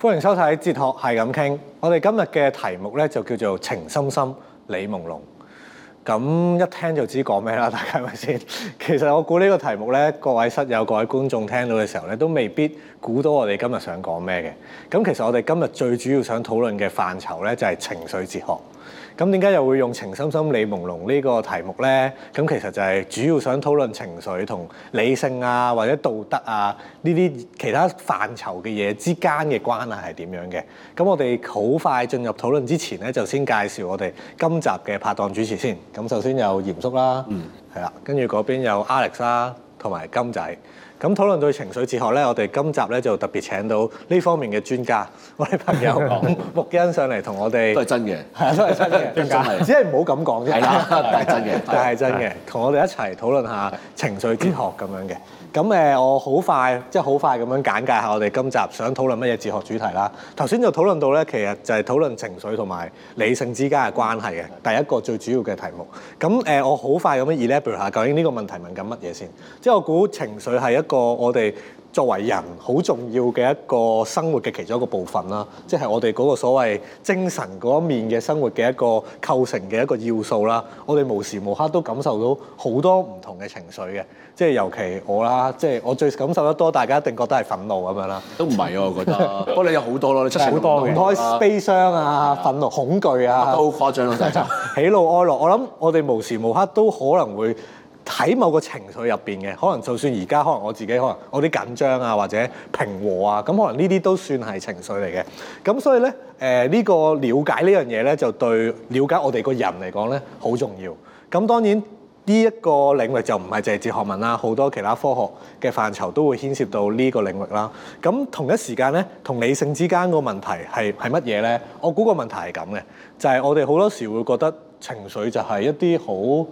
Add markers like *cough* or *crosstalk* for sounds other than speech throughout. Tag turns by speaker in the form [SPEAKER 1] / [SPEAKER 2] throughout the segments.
[SPEAKER 1] 歡迎收睇《哲學係咁傾》，我哋今日嘅題目咧就叫做《情深深，理濛濛》。咁一聽就知講咩啦，大家係咪先？其實我估呢個題目咧，各位室友、各位觀眾聽到嘅時候咧，都未必估到我哋今日想講咩嘅。咁其實我哋今日最主要想討論嘅範疇咧，就係情緒哲學。咁點解又會用情深深理濛濛呢個題目咧？咁其實就係主要想討論情緒同理性啊，或者道德啊呢啲其他範疇嘅嘢之間嘅關係係點樣嘅？咁我哋好快進入討論之前咧，就先介紹我哋今集嘅拍檔主持先。咁首先有嚴叔啦，嗯，係啦，跟住嗰邊有 Alex 啦、啊，同埋金仔。咁討論到情緒哲學咧，我哋今集咧就特別請到呢方面嘅專家，我哋朋友黃沐恩 *laughs* 上嚟同我哋 *laughs* 都係真嘅，係都係真嘅專家， *laughs* 只係唔好咁講啫。係啦 *laughs* 的，係 *laughs* 真嘅的，係 *laughs* 真嘅的，同 *laughs* 的 *laughs* 我哋一齊討論下情緒哲學咁、嗯、 *laughs* 樣嘅。咁誒，我好快即係好快咁樣簡介下我哋今集想討論乜嘢哲學主題啦。頭先就討論到咧，其實就係討論情緒同埋理性之間嘅關係嘅第一個最主要嘅題目。咁誒，我好快咁樣 elaborate 下究竟呢個問題問緊乜嘢先？即係我估情緒係一個我哋。作為人好重要嘅一個生活嘅其中一個部分啦，即係我哋嗰個所謂精神嗰一面嘅生活嘅一個構成嘅一個要素啦。我哋無時無刻都感受到好多唔同嘅情緒嘅，即係尤其我啦，即係我最感受得多，大家一定覺得係憤怒咁樣啦。都唔係啊，
[SPEAKER 2] 我覺得不過 *laughs* 你有好
[SPEAKER 1] 多咯，你七七八八啊， *laughs* 開悲傷啊、啊憤怒、恐懼啊，啊都好誇張咯，啊，就喜怒哀樂。我諗我哋無時無刻都可能會。睇某個情緒入邊嘅，可能就算而家，可能我自己可能我啲緊張啊，或者平和啊，咁可能呢啲都算係情緒嚟嘅。咁所以咧，誒、呃、呢、呢個了解呢樣嘢咧，就對了解我哋個人嚟講咧好重要。咁當然呢一、呢個領域就唔係淨係哲學問啦，好多其他科學嘅範疇都會牽涉到呢個領域啦。咁同一時間咧，同理性之間個問題係係乜嘢咧？我估個問題係咁嘅，就係、係、我哋好多時會覺得情緒就係一啲好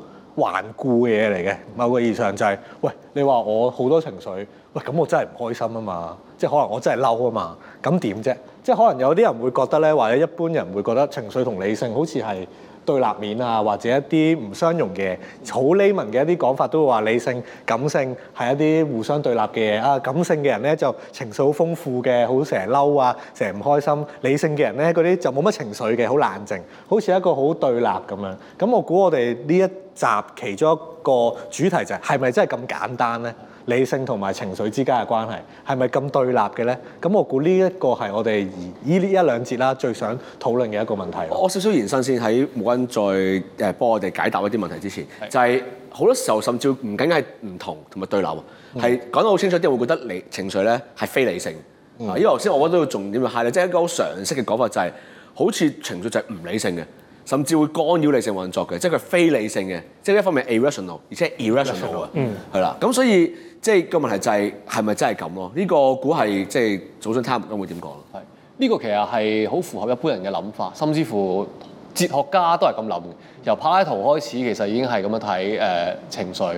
[SPEAKER 1] 頑固嘢嚟嘅，某個意象就係、是，喂，你話我好多情緒，喂，咁我真係唔開心啊嘛，即係可能我真係嬲啊嘛，咁點啫？即係可能有啲人會覺得咧，或者一般人會覺得情緒同理性好似係對立面啊，或者一啲唔相容嘅，好 l 文嘅一啲講法都會話理性、感性係一啲互相對立嘅嘢啊。感性嘅人咧就情緒好豐富嘅，好成日嬲啊，成日唔開心；理性嘅人咧嗰啲就冇乜情緒嘅，好冷靜，好似一個好對立咁樣。咁我估我哋呢一集其中一個主題就係、是，係咪真係咁簡單咧？理性同埋情緒之間嘅關係係咪咁對立嘅咧？咁
[SPEAKER 2] 我估呢一個係我哋依呢一兩節啦，最想討論嘅一個問題。我少少延伸先，喺沐恩再誒幫我哋解答一啲問題之前，是就係、是、好多時候甚至唔僅係唔同同埋對立，係講是得好清楚，啲人會覺得理情緒咧係非理性，是因為頭先我講到嘅重點係咧，即、就、係、是、一個好常識嘅講法就係、是，好似情緒就係唔理性嘅。甚至會干擾理性運作嘅，即係佢非理性嘅，即係呢一方面 irrational，而且 irrational 啊，係啦、mm.。咁所以即係個問題就係係咪真係咁咯？呢、這個估係即係祖準他們會點講？係呢、這個其實係好符合一般人嘅諗法，甚至乎哲
[SPEAKER 3] 學家都係咁諗。由柏拉圖開始，其實已經係咁樣睇誒情緒。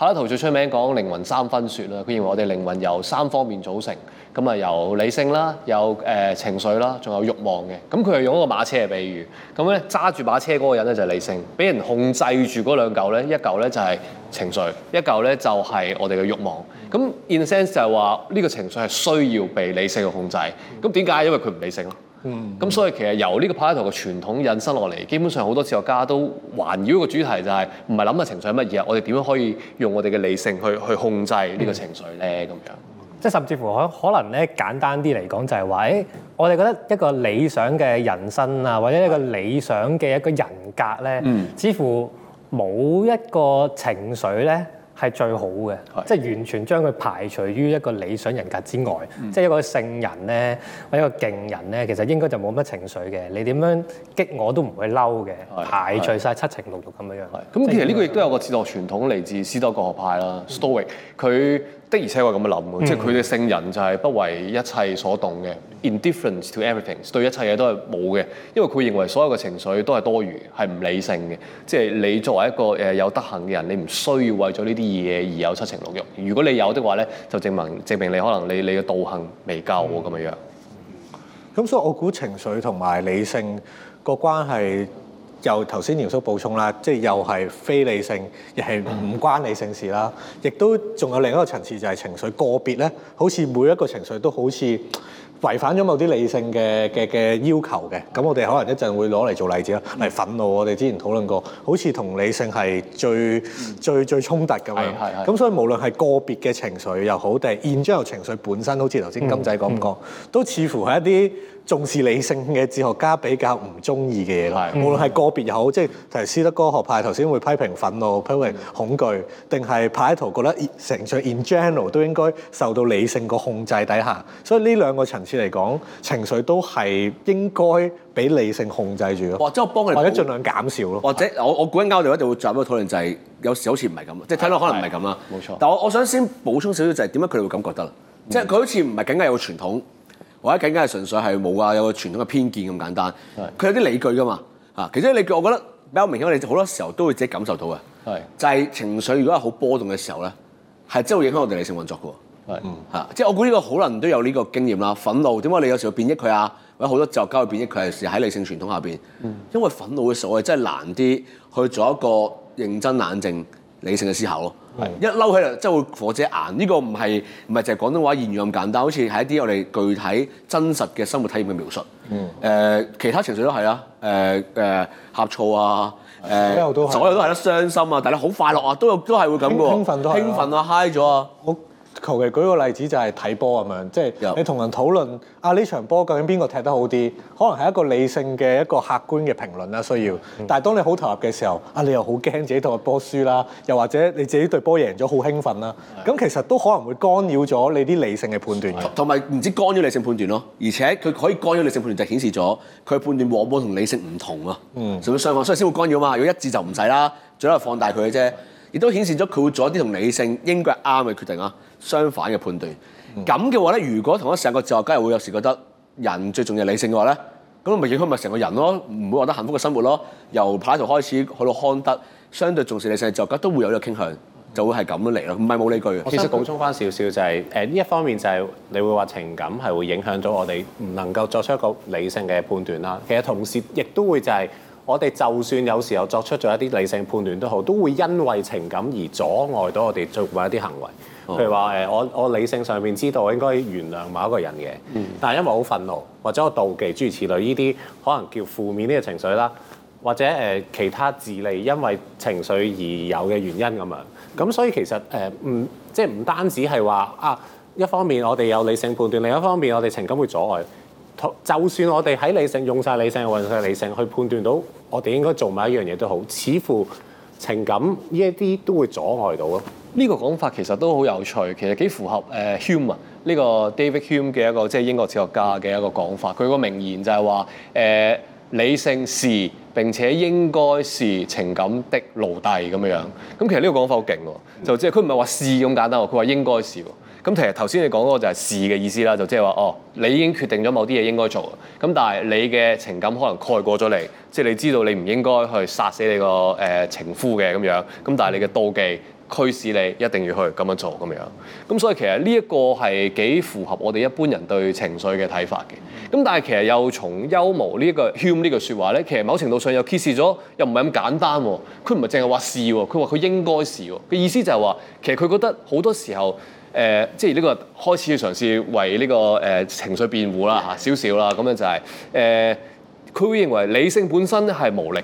[SPEAKER 3] 柏拉圖最出名講靈魂三分說啦，佢認為我哋靈魂由三方面組成，咁啊由理性啦，有誒、呃、情緒啦，仲有欲望嘅。咁佢係用一個馬車嘅比喻，咁咧揸住馬車嗰個人咧就係理性，俾人控制住嗰兩嚿咧，一嚿咧就係情緒，一嚿咧就係我哋嘅欲望。咁 in a sense 就係話呢個情緒係需要被理性去控制。咁點解？因為佢唔理性咯。 *noise* 嗯，咁所以其實由呢個柏拉圖嘅傳統引申落嚟，基本上好多哲學家都環繞一個主題，就係唔係諗嘅情緒係乜嘢？我哋點樣可以用
[SPEAKER 4] 我哋嘅理性去去控制呢個情緒咧？咁樣、嗯，即係甚至乎可可能咧簡單啲嚟講，就係話誒，我哋覺得一個理想嘅人生啊，或者一個理想嘅一個人格咧，似乎冇一個情緒咧。係最好嘅，是即係完全將佢排除於一個理想人格之外。嗯、即係一個聖人咧，或一個勁人咧，其實應該就冇乜情緒嘅。你點樣激我都唔會嬲嘅，是排除晒七情六欲咁樣樣。咁是是其實呢個
[SPEAKER 3] 亦都有個哲學傳統，嚟自斯多葛學派啦 Stoic 佢的而且確咁樣諗嘅，即係佢嘅聖人就係不為一切所動嘅，indifference to everything，對一切嘢都係冇嘅。因為佢認為所有嘅情緒都係多餘，係唔理性嘅。即係你作為一個誒有德行嘅人，你唔需要為咗呢啲嘢而有七情六欲。如果你有的話咧，就證明證明你可能你你嘅道行未夠咁嘅樣。
[SPEAKER 1] 咁所以我估情緒同埋理性個關係。由頭先鹽叔補充啦，即係又係非理性，亦係唔關理性事啦。亦都仲有另一個層次就係、是、情緒個別咧，好似每一個情緒都好似違反咗某啲理性嘅嘅嘅要求嘅。咁我哋可能一陣會攞嚟做例子啦，嚟憤怒。我哋之前討論過，好似同理性係最、嗯、最最衝突嘅。嘛。咁所以無論係個別嘅情緒又好，定係現將由情緒本身，好似頭先金仔講唔、嗯嗯、都似乎係一啲。重視理性嘅哲學家比較唔中意嘅嘢都係，無論係個別又好，即係斯多葛學派頭先會批評憤怒、批評恐懼，定係柏拉圖覺得情緒 in general 都應該受到理性個控制底下。所以呢兩個層次嚟講，情緒都係應該俾理性控制住咯。或者我幫佢，或者盡量
[SPEAKER 2] 減少咯。或者我我估緊啱度一定會進入一個討論就係，有時好似唔係咁，即係睇落可能唔係咁啦。冇錯。但我我想先補充少少就係點解佢哋會咁覺得啦？即係佢好似唔係僅僅有傳統。或者僅僅係純粹係冇啊，有個傳統嘅偏見咁簡單，佢是的 有啲理據㗎嘛嚇。其實你我覺得比較明顯，我哋好多時候都會自己感受到嘅，是的 就係情緒如果係好波動嘅時候咧，係真係會影響我哋理性運作嘅。嚇，即係我估呢個可能都有呢個經驗啦。憤怒點解你有時會貶抑佢啊？或者好多自由交去貶抑佢係喺理性傳統下邊，是的 因為憤怒嘅時候我哋真係難啲去做一個認真冷靜理性嘅思考咯。Mm hmm. 一嬲起嚟，即係會火遮眼。呢、呢個唔係唔係淨係廣東話言語咁簡單，好似係一啲我哋具體真實嘅生活體驗嘅描述。誒、mm hmm. 呃，其他情緒都係啦。誒、呃、誒，呷、呃、醋啊，誒、呃，所有都係得傷心啊，但你好快樂啊，都有都係會咁嘅。興奮都係。興奮
[SPEAKER 1] 啊嗨咗啊！求其舉個例子就係睇波咁樣，即係你同人討論 Yep. 啊呢場波究竟邊個踢得好啲，可能係一個理性嘅一個客觀嘅評論啦。需要，但係當你好投入嘅時候，啊你又好驚自己對個波輸啦，又或者你自己對波贏
[SPEAKER 2] 咗好興奮啦，咁其實都可能會干擾咗你啲理性嘅判斷。同埋唔止干擾理性判斷咯，而且佢可以干擾理性判斷，判斷就係顯示咗佢判斷往往同理性唔同啊。嗯是是，所以相反，所以先會干擾嘛。如果一致就唔使啦，最多放大佢嘅啫。亦都顯示咗佢會做一啲同理性應該係啱嘅決定啊，相反嘅判斷。咁嘅、mm hmm. 話咧，如果同一成個哲學家又會有時覺得人最重要理性嘅話咧，咁咪影響咪成個人咯，唔會獲得幸福嘅生活咯。由柏拉圖開始去到康德，相對重視理性嘅哲學家都會有呢個傾向，就會係咁樣嚟咯。唔係冇理據嘅。我想 其實補充翻少少就係誒呢一方面就係、是、你會話情感係會
[SPEAKER 5] 影響到我哋唔能夠作出一個理性嘅判斷啦。其實同時亦都會就係、是。我哋就算有時候作出咗一啲理性判斷都好，都會因為情感而阻礙到我哋做某一啲行為。Oh. 譬如話誒，我我理性上面知道應該原諒某一個人嘅，mm. 但係因為好憤怒或者我妒忌諸如此類，呢啲可能叫負面呢個情緒啦，或者誒、呃、其他自利因為情緒而有嘅原因咁樣。咁所以其實誒唔、呃、即係唔單止係話啊，一方面我哋有理性判斷，另一方面我哋情感會阻礙。就算我哋喺理性用晒理性用晒理性去判斷到。我哋應該做埋一樣嘢都好，似乎情感呢一啲都會阻礙到咯。呢個講法其實都好有趣，其實幾符合誒、呃、Hume 呢個 David Hume 嘅一個即係
[SPEAKER 3] 英國哲學家嘅一個講法。佢個名言就係話誒理性是並且應該是情感的奴隸咁樣樣。咁其實呢個講法好勁喎，就即係佢唔係話是咁簡單喎，佢話應該是喎。咁其實頭先你講嗰個就係是嘅意思啦，就即係話哦，你已經決定咗某啲嘢應該做，咁但係你嘅情感可能蓋過咗你，即係你知道你唔應該去殺死你個誒、呃、情夫嘅咁樣，咁但係你嘅妒忌驅使你一定要去咁樣做咁樣，咁、嗯、所以其實呢一個係幾符合我哋一般人對情緒嘅睇法嘅。咁但係其實又從休謨呢、這、一個 Hume 呢句説話咧，其實某程度上又揭示咗又唔係咁簡單喎。佢唔係淨係話是喎，佢話佢應該是喎。佢嘅意思就係話其實佢覺得好多時候。誒、呃，即係呢個開始要嘗試為呢、這個誒、呃、情緒辯護啦，嚇少少啦，咁樣就係、是、誒，佢、呃、會認為理性本身係無力嘅。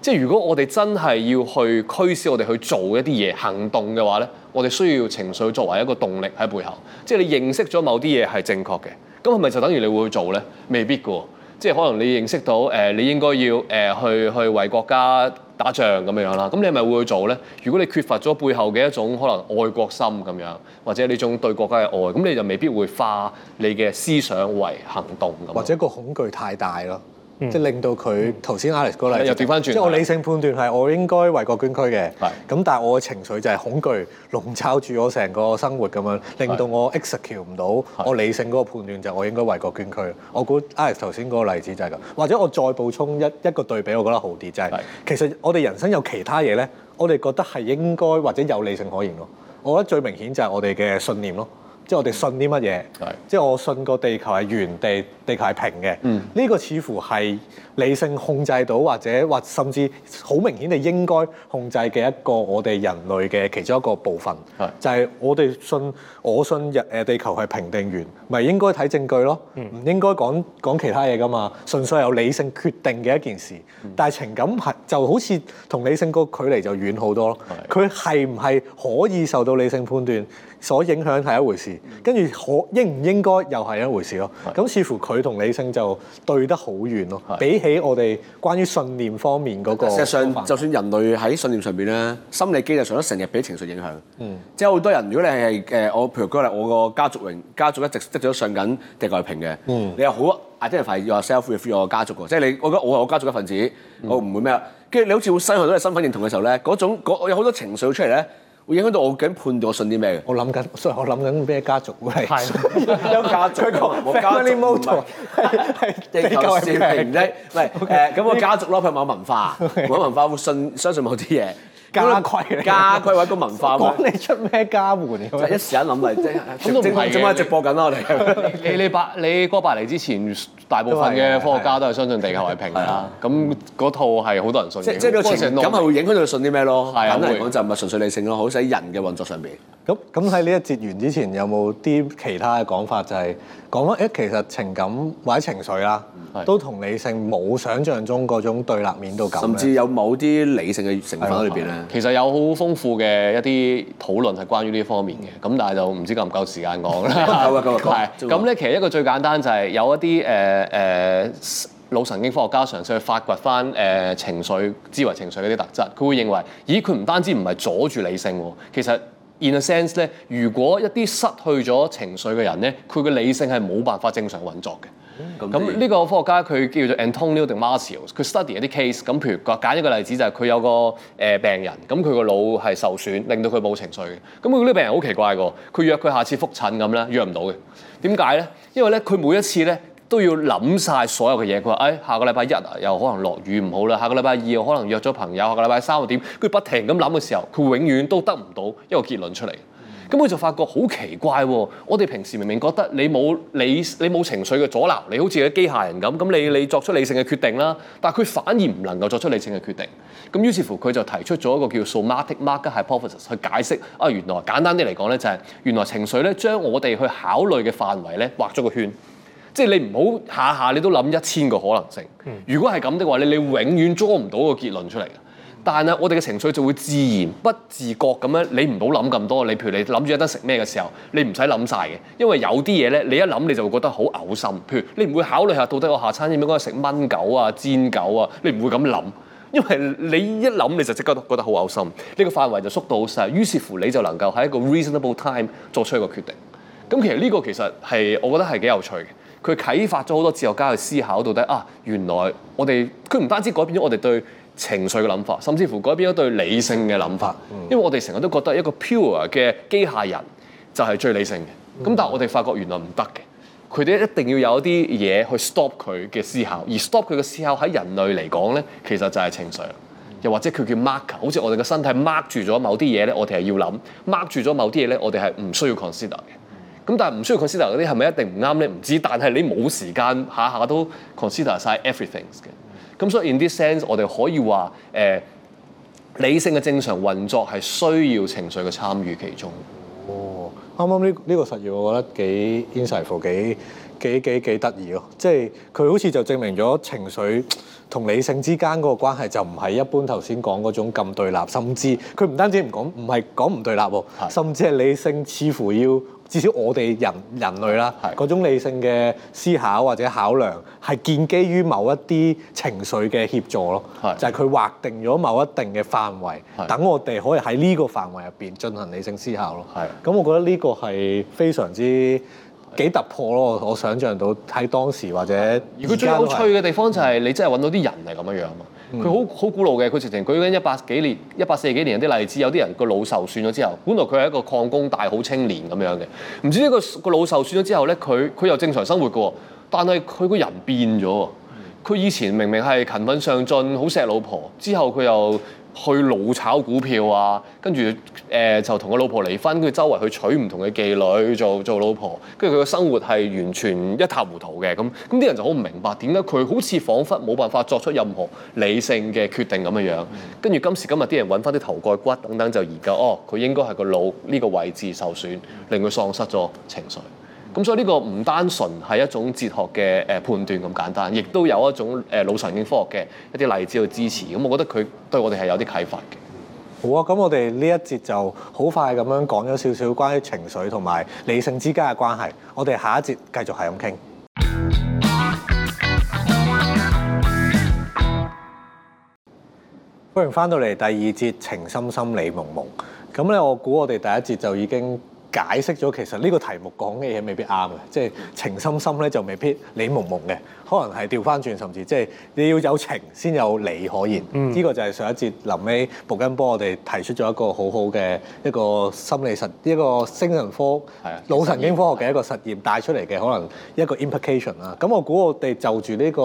[SPEAKER 3] 即係如果我哋真係要去驅使我哋去做一啲嘢行動嘅話咧，我哋需要情緒作為一個動力喺背後。即係你認識咗某啲嘢係正確嘅，咁係咪就等於你會去做咧？未必嘅。即係可能你認識到誒、呃，你應該要誒、呃、去去為國家打仗咁樣啦，咁你係咪會去做呢？如果你缺乏咗背後嘅一種可能愛國心咁樣，或者呢種對國家嘅愛，咁你就未必會化你嘅思想為行動咁。或
[SPEAKER 1] 者個恐懼太大咯。嗯、即係令到佢頭先 Alex 嗰例子，又掉返轉，即係我理性判斷係我應該為國捐軀嘅。咁是但係我嘅情緒就係恐懼籠罩住我成個生活咁樣，令到我 execute 唔到。我理性嗰個判斷就係我應該為國捐軀。是我估 Alex 頭先嗰個例子就係咁。或者我再補充一一個對比，我覺得好啲就係、是、其實我哋人生有其他嘢咧，我哋覺得係應該或者有理性可言咯。我覺得最明顯就係我哋嘅信念咯。即係我哋信啲乜嘢？是即係我信個地球係圓地，地球係平嘅。呢、嗯、個似乎係。理性控制到或者或甚至好明顯地應該控制嘅一個我哋人類嘅其中一個部分，是的 就係我哋信我信日誒地球係平定圓，咪應該睇證據咯，唔、嗯、應該講講其他嘢㗎嘛，純粹係由理性決定嘅一件事。但係情感係就好似同理性個距離就遠好多咯。佢係唔係可以受到理性判斷所影響係一回事，跟住可應唔應該又係一回事咯。咁是的 似乎佢同理性就對得好遠咯，比起是的 喺我哋關於信念方面嗰個，其實上就
[SPEAKER 2] 算人類喺信念上邊咧，心理機制上都成日俾情緒影響。嗯，即係好多人，如果你係誒，我、呃、譬如講啦，我個家族榮家族一直執著都信緊迪格平嘅，嗯，你又好，啲人反而要 self-fulfill 我家族嘅，即係你我覺得我係我家族一份子，嗯、我唔會咩啦。跟住你好似會失去咗你身份認同嘅時候咧，嗰種嗰有好多情緒出嚟咧。會影響到我究竟判斷我信啲咩嘅？我諗緊，所以我諗緊咩家族係有家族，family motto 係地久天長啫。唔係誒，咁個家族咯，佢冇文化？冇文化會信相信某啲嘢？家規，家規或者個文化講
[SPEAKER 1] 你出咩家門？就一時
[SPEAKER 2] 間諗嚟，即係正正喺直播緊咯。你你
[SPEAKER 3] 百你哥百嚟之前。大部分嘅科學家都係相信地球係平嘅，咁嗰套係
[SPEAKER 2] 好多人信嘅。即即係個度，咁係會影響到佢信啲咩咯？係啊，就唔係純粹理性咯，好似人嘅運作上邊。
[SPEAKER 1] 咁咁喺呢一節完之前，有冇啲其他嘅講法？就係講翻誒，其實情感或者情緒啦，都同理性冇想像中嗰種對立面都咁。
[SPEAKER 3] 甚至
[SPEAKER 2] 有某啲理性嘅成分喺裏邊咧。
[SPEAKER 3] 其實有好豐富嘅一啲討論係關於呢方面嘅，咁但係就唔知夠唔夠時間講啦。夠咁咧，其實一個最簡單就係有一啲誒。誒誒，腦神經科學家嘗試去發掘翻誒情緒、知為情緒嗰啲特質。佢會認為，咦？佢唔單止唔係阻住理性喎，其實 in a sense 咧，如果一啲失去咗情緒嘅人咧，佢嘅理性係冇辦法正常運作嘅。咁呢、嗯嗯、那個科學家佢叫做 Antonio Damasio，佢 study 一啲 case。咁譬如，我揀一個例子就係、是、佢有個誒病人，咁佢個腦係受損，令到佢冇情緒嘅。咁佢啲病人好奇怪嘅，佢約佢下次覆診咁咧，約唔到嘅。點解咧？因為咧，佢每一次咧，都要諗晒所有嘅嘢，佢話：誒、哎、下個禮拜一又可能落雨唔好啦，下個禮拜二又可能約咗朋友，下個禮拜三又點？跟住不停咁諗嘅時候，佢永遠都得唔到一個結論出嚟。咁佢就發覺好奇怪喎，哦！我哋平時明明覺得你冇理，你冇情緒嘅阻撓，你好似個機械人咁，咁你你作出理性嘅決定啦。但係佢反而唔能夠作出理性嘅決定。咁於是乎佢就提出咗一個叫做 somatic marker hypothesis 去解釋。啊，原來簡單啲嚟講呢，就係原來情緒呢將我哋去考慮嘅範圍呢畫咗個圈。即係你唔好下下你都諗一千個可能性。如果係咁的話咧，你你永遠捉唔到個結論出嚟。但係、啊、我哋嘅情緒就會自然不自覺咁樣。你唔好諗咁多。你譬如你諗住一陣食咩嘅時候，你唔使諗晒嘅，因為有啲嘢咧，你一諗你就會覺得好嘔心。譬如你唔會考慮下到底我下餐應唔應該食燜狗啊、煎狗啊，你唔會咁諗，因為你一諗你就即刻覺得好嘔心。呢、呢個範圍就縮到好細，於是乎你就能夠喺一個 reasonable time 作出一個決定。咁其實呢個其實係我覺得係幾有趣嘅。佢啟發咗好多哲學家去思考，到底啊，原來我哋佢唔單止改變咗我哋對情緒嘅諗法，甚至乎改變咗對理性嘅諗法。因為我哋成日都覺得一個 pure 嘅機械人就係最理性嘅。咁但係我哋發覺原來唔得嘅，佢哋一定要有一啲嘢去 stop 佢嘅思考，而 stop 佢嘅思考喺人類嚟講咧，其實就係情緒啦。又或者佢叫 marker，好似我哋嘅身體 mark 住咗某啲嘢咧，我哋係要諗；mark 住咗某啲嘢咧，我哋係唔需要 consider 嘅。咁但係唔需要 consider 嗰啲係咪一定唔啱，你唔知，但係你冇時間下下都 consider 曬 everything 嘅。咁所以 in this sense，我哋可以話誒、呃、理性嘅正常運作係需要情緒嘅參與其中。哦，啱啱呢呢個實驗，我覺得幾 insightful，幾幾幾
[SPEAKER 1] 幾得意咯。即係佢好似就證明咗情緒同理性之間嗰個關係就唔係一般頭先講嗰種咁對立，甚至佢唔單止唔講唔係講唔對立甚至係理性似乎要。至少我哋人人類啦，嗰的種理性嘅思考或者考量，係建基於某一啲情緒嘅協助咯。的就係佢劃定咗某一定嘅範圍，等的我哋可以喺呢個範圍入邊進行理性思考咯。係的，咁我覺得呢個係非常之幾的突破咯。我想像到
[SPEAKER 3] 喺當時或者的如果最有趣嘅地方就係你真係揾到啲人嚟咁樣樣啊！佢好好古老嘅，佢直情舉緊一百幾年、一百四幾年啲例子。有啲人個腦受損咗之後，本來佢係一個礦工大好青年咁樣嘅。唔知呢個個腦受損咗之後呢，佢佢又正常生活㗎，但係佢個人變咗。佢、嗯、以前明明係勤奮上進、好錫老婆，之後佢又。去老炒股票啊，跟住誒、呃、就同個老婆離婚，跟住周圍去娶唔同嘅妓女做做老婆，跟住佢嘅生活係完全一塌糊塗嘅咁，咁啲人就好唔明白點解佢好似仿佛冇辦法作出任何理性嘅決定咁樣樣。嗯、跟住今時今日啲人揾翻啲頭蓋骨等等就研究，哦，佢應該係個腦呢個位置受損，令佢喪失咗情緒。咁所以呢個唔單純係一種哲學嘅誒、呃、判斷咁簡單，亦都有一種誒腦神經科學嘅一啲例子去支持。咁我覺得佢對我哋係有啲啟發嘅。
[SPEAKER 1] 好啊，咁我哋呢一節就好快咁樣講咗少少關於情緒同埋理性之間嘅關係。我哋下一節繼續係咁傾。歡迎翻到嚟第二節情深深理茫茫，理濛濛。咁咧，我估我哋第一節就已經。解釋咗其實呢個題目講嘅嘢未必啱嘅，即係情深深咧就未必理濛濛嘅。可能係調翻轉，甚至即係你要有情先有理可言。呢、嗯、個就係上一節臨尾步根波我哋提出咗一個好好嘅一個心理實，一個精神科、腦的神經科學嘅一個實驗帶的出嚟嘅，可能一個 implication 啦。咁、嗯、我估我哋就住呢、這個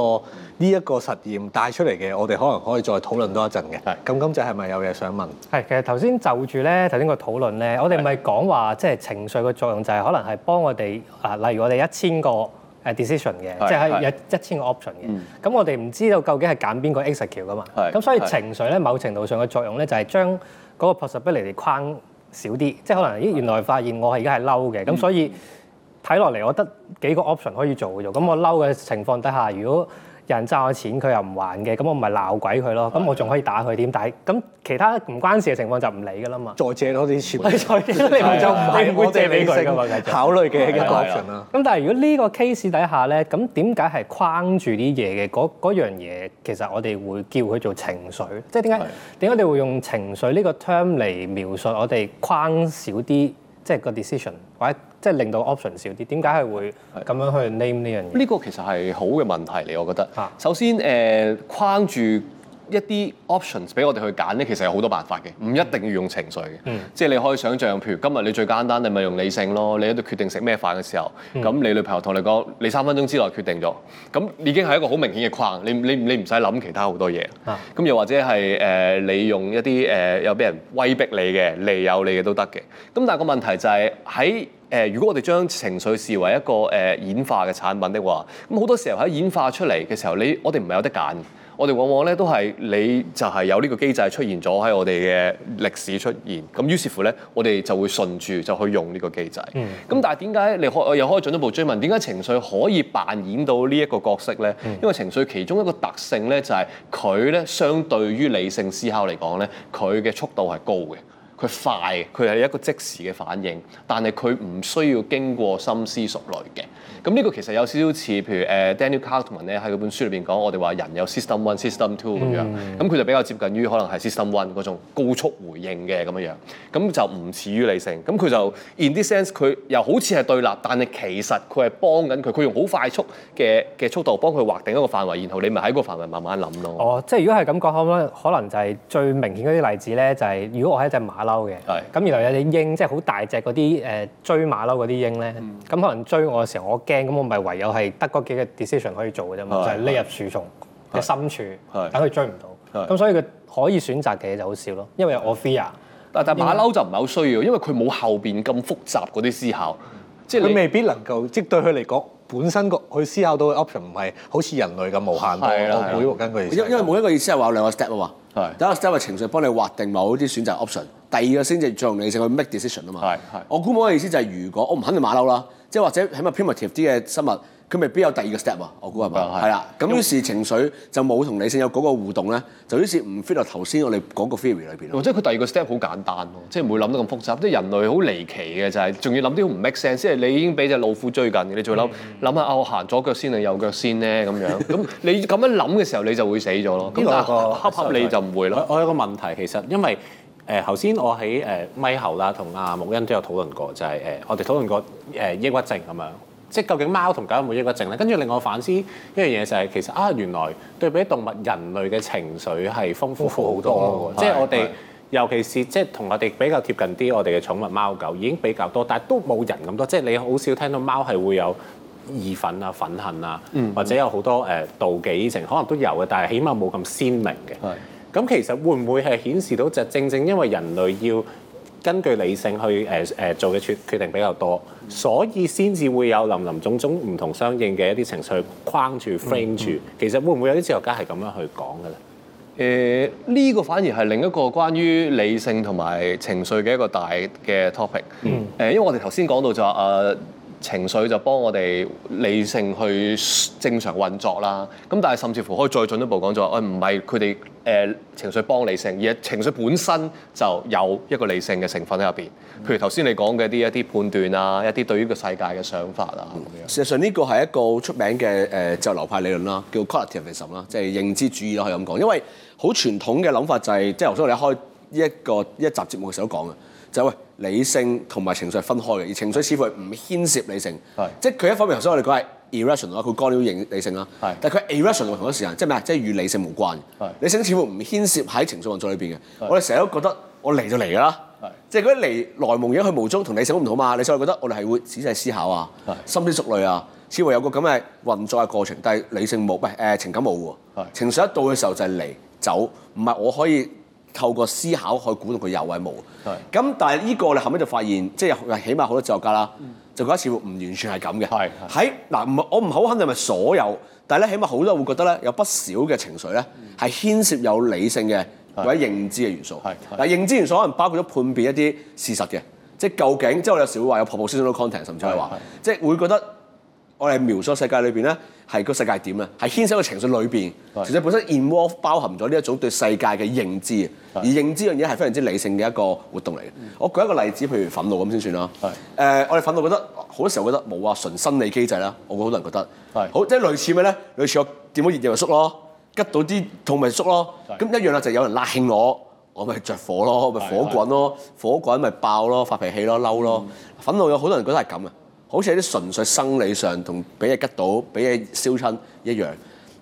[SPEAKER 1] 呢一、這個實驗帶出嚟嘅，我哋可能可以再討
[SPEAKER 4] 論多一陣嘅。咁甘仔係咪有嘢想問？係，其實頭先就住咧，頭先個討論咧，的我哋咪講話即係、就是、情緒嘅作用就係可能係幫我哋啊，例如我哋一千個人家人家。誒 decision 嘅，Dec 是即係有一千個 option 嘅。咁、嗯、我哋唔知道究竟係揀邊個 execute 噶嘛。咁是所以情緒咧，是某程度上嘅作用咧，就係、是、將嗰個 possibility 框少啲。即係可能，咦，原來發現我係而家係嬲嘅。咁是所以睇落嚟，我得幾個 option 可以做做。咁我嬲嘅情況底下，如果有人揸我錢，佢又唔還嘅，咁我咪係鬧鬼佢咯，咁是的 我仲可以打佢點打？咁其他唔關事嘅情況就唔理噶啦嘛。再借多啲錢，再借 *laughs* *laughs* 想，的你就唔會借你個考慮嘅一個 option 啦。咁但係如果呢個 case 底下咧，咁點解係框住啲嘢嘅？嗰、嗰樣嘢其實我哋會叫佢做情緒，即係點解，點解我哋會用情緒呢個 term 嚟描述我哋框少啲？即係個 decision，或者即係令到 option 少啲，點解係會咁樣去 name 呢樣嘢？呢個其實係好嘅問題嚟，我覺得。啊、首先誒、呃、框住。一啲
[SPEAKER 3] options 俾我哋去揀咧，其實有好多辦法嘅，唔一定要用情緒嘅。嗯、即係你可以想象，譬如今日你最簡單，你咪用理性咯。你喺度決定食咩飯嘅時候，咁、嗯、你女朋友同你講，你三分鐘之內決定咗，咁已經係一個好明顯嘅框。你你你唔使諗其他好多嘢。咁、啊、又或者係誒、呃，你用一啲誒又俾人威逼你嘅利誘你嘅都得嘅。咁但係個問題就係，是，喺誒、呃，如果我哋將情緒視為一個誒、呃、演化嘅產品的話，咁好多時候喺演化出嚟嘅時候，你我哋唔係有得揀。我哋往往咧都係，你就係有呢個機制出現咗喺我哋嘅歷史出現，咁於是乎咧，我哋就會順住就去用呢個機制。咁、嗯、但係點解，你可又可以進一步追問，點解情緒可以扮演到呢一個角色咧？嗯、因為情緒其中一個特性咧，就係佢咧相對於理性思考嚟講咧，佢嘅速度係高嘅，佢快，佢係一個即時嘅反應，但係佢唔需要經過深思熟慮嘅。咁呢個其實有少少似，譬如誒 Daniel Kahneman 咧喺本書裏邊講，我哋話人有 System One、System Two 咁樣，咁佢、嗯、就比較接近於可能係 System One 嗰種高速回應嘅咁樣樣，咁就唔似於理性。咁佢就 In this sense，佢又好似係對立，但係其實佢係幫緊佢，佢用好快速嘅嘅速度幫佢劃定一個範圍，然後你咪喺個範圍慢慢諗咯。
[SPEAKER 4] 哦，即係如果係咁講，可能可能就係最明顯嗰啲例子咧，就係、是、如果我係隻馬騮嘅，咁原來有隻鷹，即係好大隻嗰啲誒追馬騮嗰啲鷹咧，咁、嗯、可能追我嘅時候我驚咁，我咪唯有係得嗰幾個 decision 可以做嘅啫嘛，就係匿入樹叢嘅深處，等佢追唔到。咁所以佢可以選擇嘅嘢就好少咯。因為有我思啊，但但馬騮就唔係好需要，因為佢冇後
[SPEAKER 3] 邊咁複雜嗰啲思考，即係你未必能夠，即係對佢嚟講，本身個佢
[SPEAKER 1] 思考到嘅 option 唔係好似人類咁無限多可揀。跟佢意思
[SPEAKER 2] 因因為每一個意思係話兩個 step 啊嘛，第一個 step 係情緒幫你劃定某啲選擇 option，第二個先至再用理性去 make decision 啊嘛。我估我嘅意思就係如果我唔肯定馬騮啦。即係或者起碼 primitive 啲嘅生物，佢未必有第二個 step 啊！我估係咪？係啦的，咁用 於是情緒就冇同理性有嗰個互動咧，就好似唔 follow 頭先我哋講個 theory 裏邊咯。即係佢第二個 step 好簡單，即係唔會諗得咁複雜。即係人類好
[SPEAKER 3] 離奇嘅就係、是，仲要諗啲唔 make sense。即係你已經俾隻老虎追緊嘅，你仲要諗諗下我行左腳
[SPEAKER 5] 先定右腳先咧咁樣。咁 *laughs* 你咁樣諗嘅時候你就會死咗咯。呢兩個恰合理就唔會咯。我有個問題其實，因為。誒頭先我喺誒咪喉啦，同阿沐恩都有討論過，就係誒我哋討論過誒抑鬱症咁樣，即係究竟貓同狗有冇抑鬱症咧？跟住令我反思一樣嘢就係其實啊，原來對比動物人類嘅情緒係豐富好多，即係我哋尤其是即係同我哋比較貼近啲我哋嘅寵物貓狗已經比較多，但係都冇人咁多，即係你好少聽到貓係會有意憤啊、憤恨啊，嗯、或者有好多誒妒忌症，可能都有嘅，但係起碼冇咁鮮明嘅。咁其實會唔會係顯示到就正正因為人類要根據理性去誒誒做嘅決決定比較多，所以先至會有林林種種唔同相應嘅一啲情緒去框住 frame 住。嗯嗯、其實會唔會有啲哲學家係咁樣去講嘅咧？誒、呃，
[SPEAKER 3] 呢、這個反而係另一個關於理性同埋情緒嘅一個大嘅 topic。誒、嗯呃，因為我哋頭先講到就話、是、誒。呃情緒就幫我哋理性去正常運作啦。咁但係甚至乎可以再進一步講咗，誒唔係佢哋誒情緒幫理性，而係情緒本身就有一個理性嘅成分喺入邊。譬如頭先你講嘅啲一啲判斷啊，
[SPEAKER 2] 一啲對於個世界嘅想法啊。事、嗯、實上呢個係一個出名嘅誒哲流派理論啦，叫 qualitativeism 啦，即係認知主義咯，可以咁講。因為好傳統嘅諗法就係、是，即係頭先我哋一開呢、這、一個一集節目嘅時候講嘅。就係、是，理性同埋情緒係分開嘅，而情緒似乎係唔牽涉理性，是即係佢一方面頭先我哋講係 irrational 啦，佢幹了理性啦，是但係佢 irrational 同一時間即係咩啊？即係與理性無關嘅，是理性似乎唔牽涉喺情緒運作裏邊嘅。是我哋成日都覺得我嚟就嚟啦，是即係佢嚟來夢影去無蹤，同理性好唔同嘛。你是所以覺得我哋係會仔細思考啊、是心思熟慮啊，似乎有個咁嘅運作嘅過程，但係理性冇，唔、呃、係情感冇喎。是是情緒一到嘅時候就係嚟走，唔係我可以。透過思考去估度佢有係無，咁但係呢個你後屘就發現，即係起碼好多哲學家啦，就覺得似乎唔完全係咁嘅。係喺嗱，我唔好肯定係咪所有，但係咧起碼好多人會覺得咧，有不少嘅情緒咧係牽涉有理性嘅或者認知嘅元素。係，但係認知元素可能包括咗判別一啲事實嘅，即係究竟，即係我有時會話有婆婆先想嘅 content，甚至係話，即係會覺得。我哋描述世界裏邊咧，係個世界點咧，係牽涉個情緒裏邊，是其實本身 involve 包含咗呢一種對世界嘅認知，是而認知樣嘢係非常之理性嘅一個活動嚟嘅。嗯、我舉一個例子，譬如憤怒咁先算啦。係是，誒、呃，我哋憤怒覺得好多時候覺得冇啊，純生理機制啦。我覺得好多人覺得係，是好即係類似咩咧？類似我掂到熱嘢咪縮咯，拮到啲痛咪縮咯，咁是一樣啦，就有人拉興我，我咪着火咯，咪火滾咯，是是火滾咪爆咯，發脾氣咯，嬲咯，憤怒、嗯、有好多人覺得係咁嘅。好似喺啲純粹生理上，同俾嘢拮到、俾嘢燒親一樣。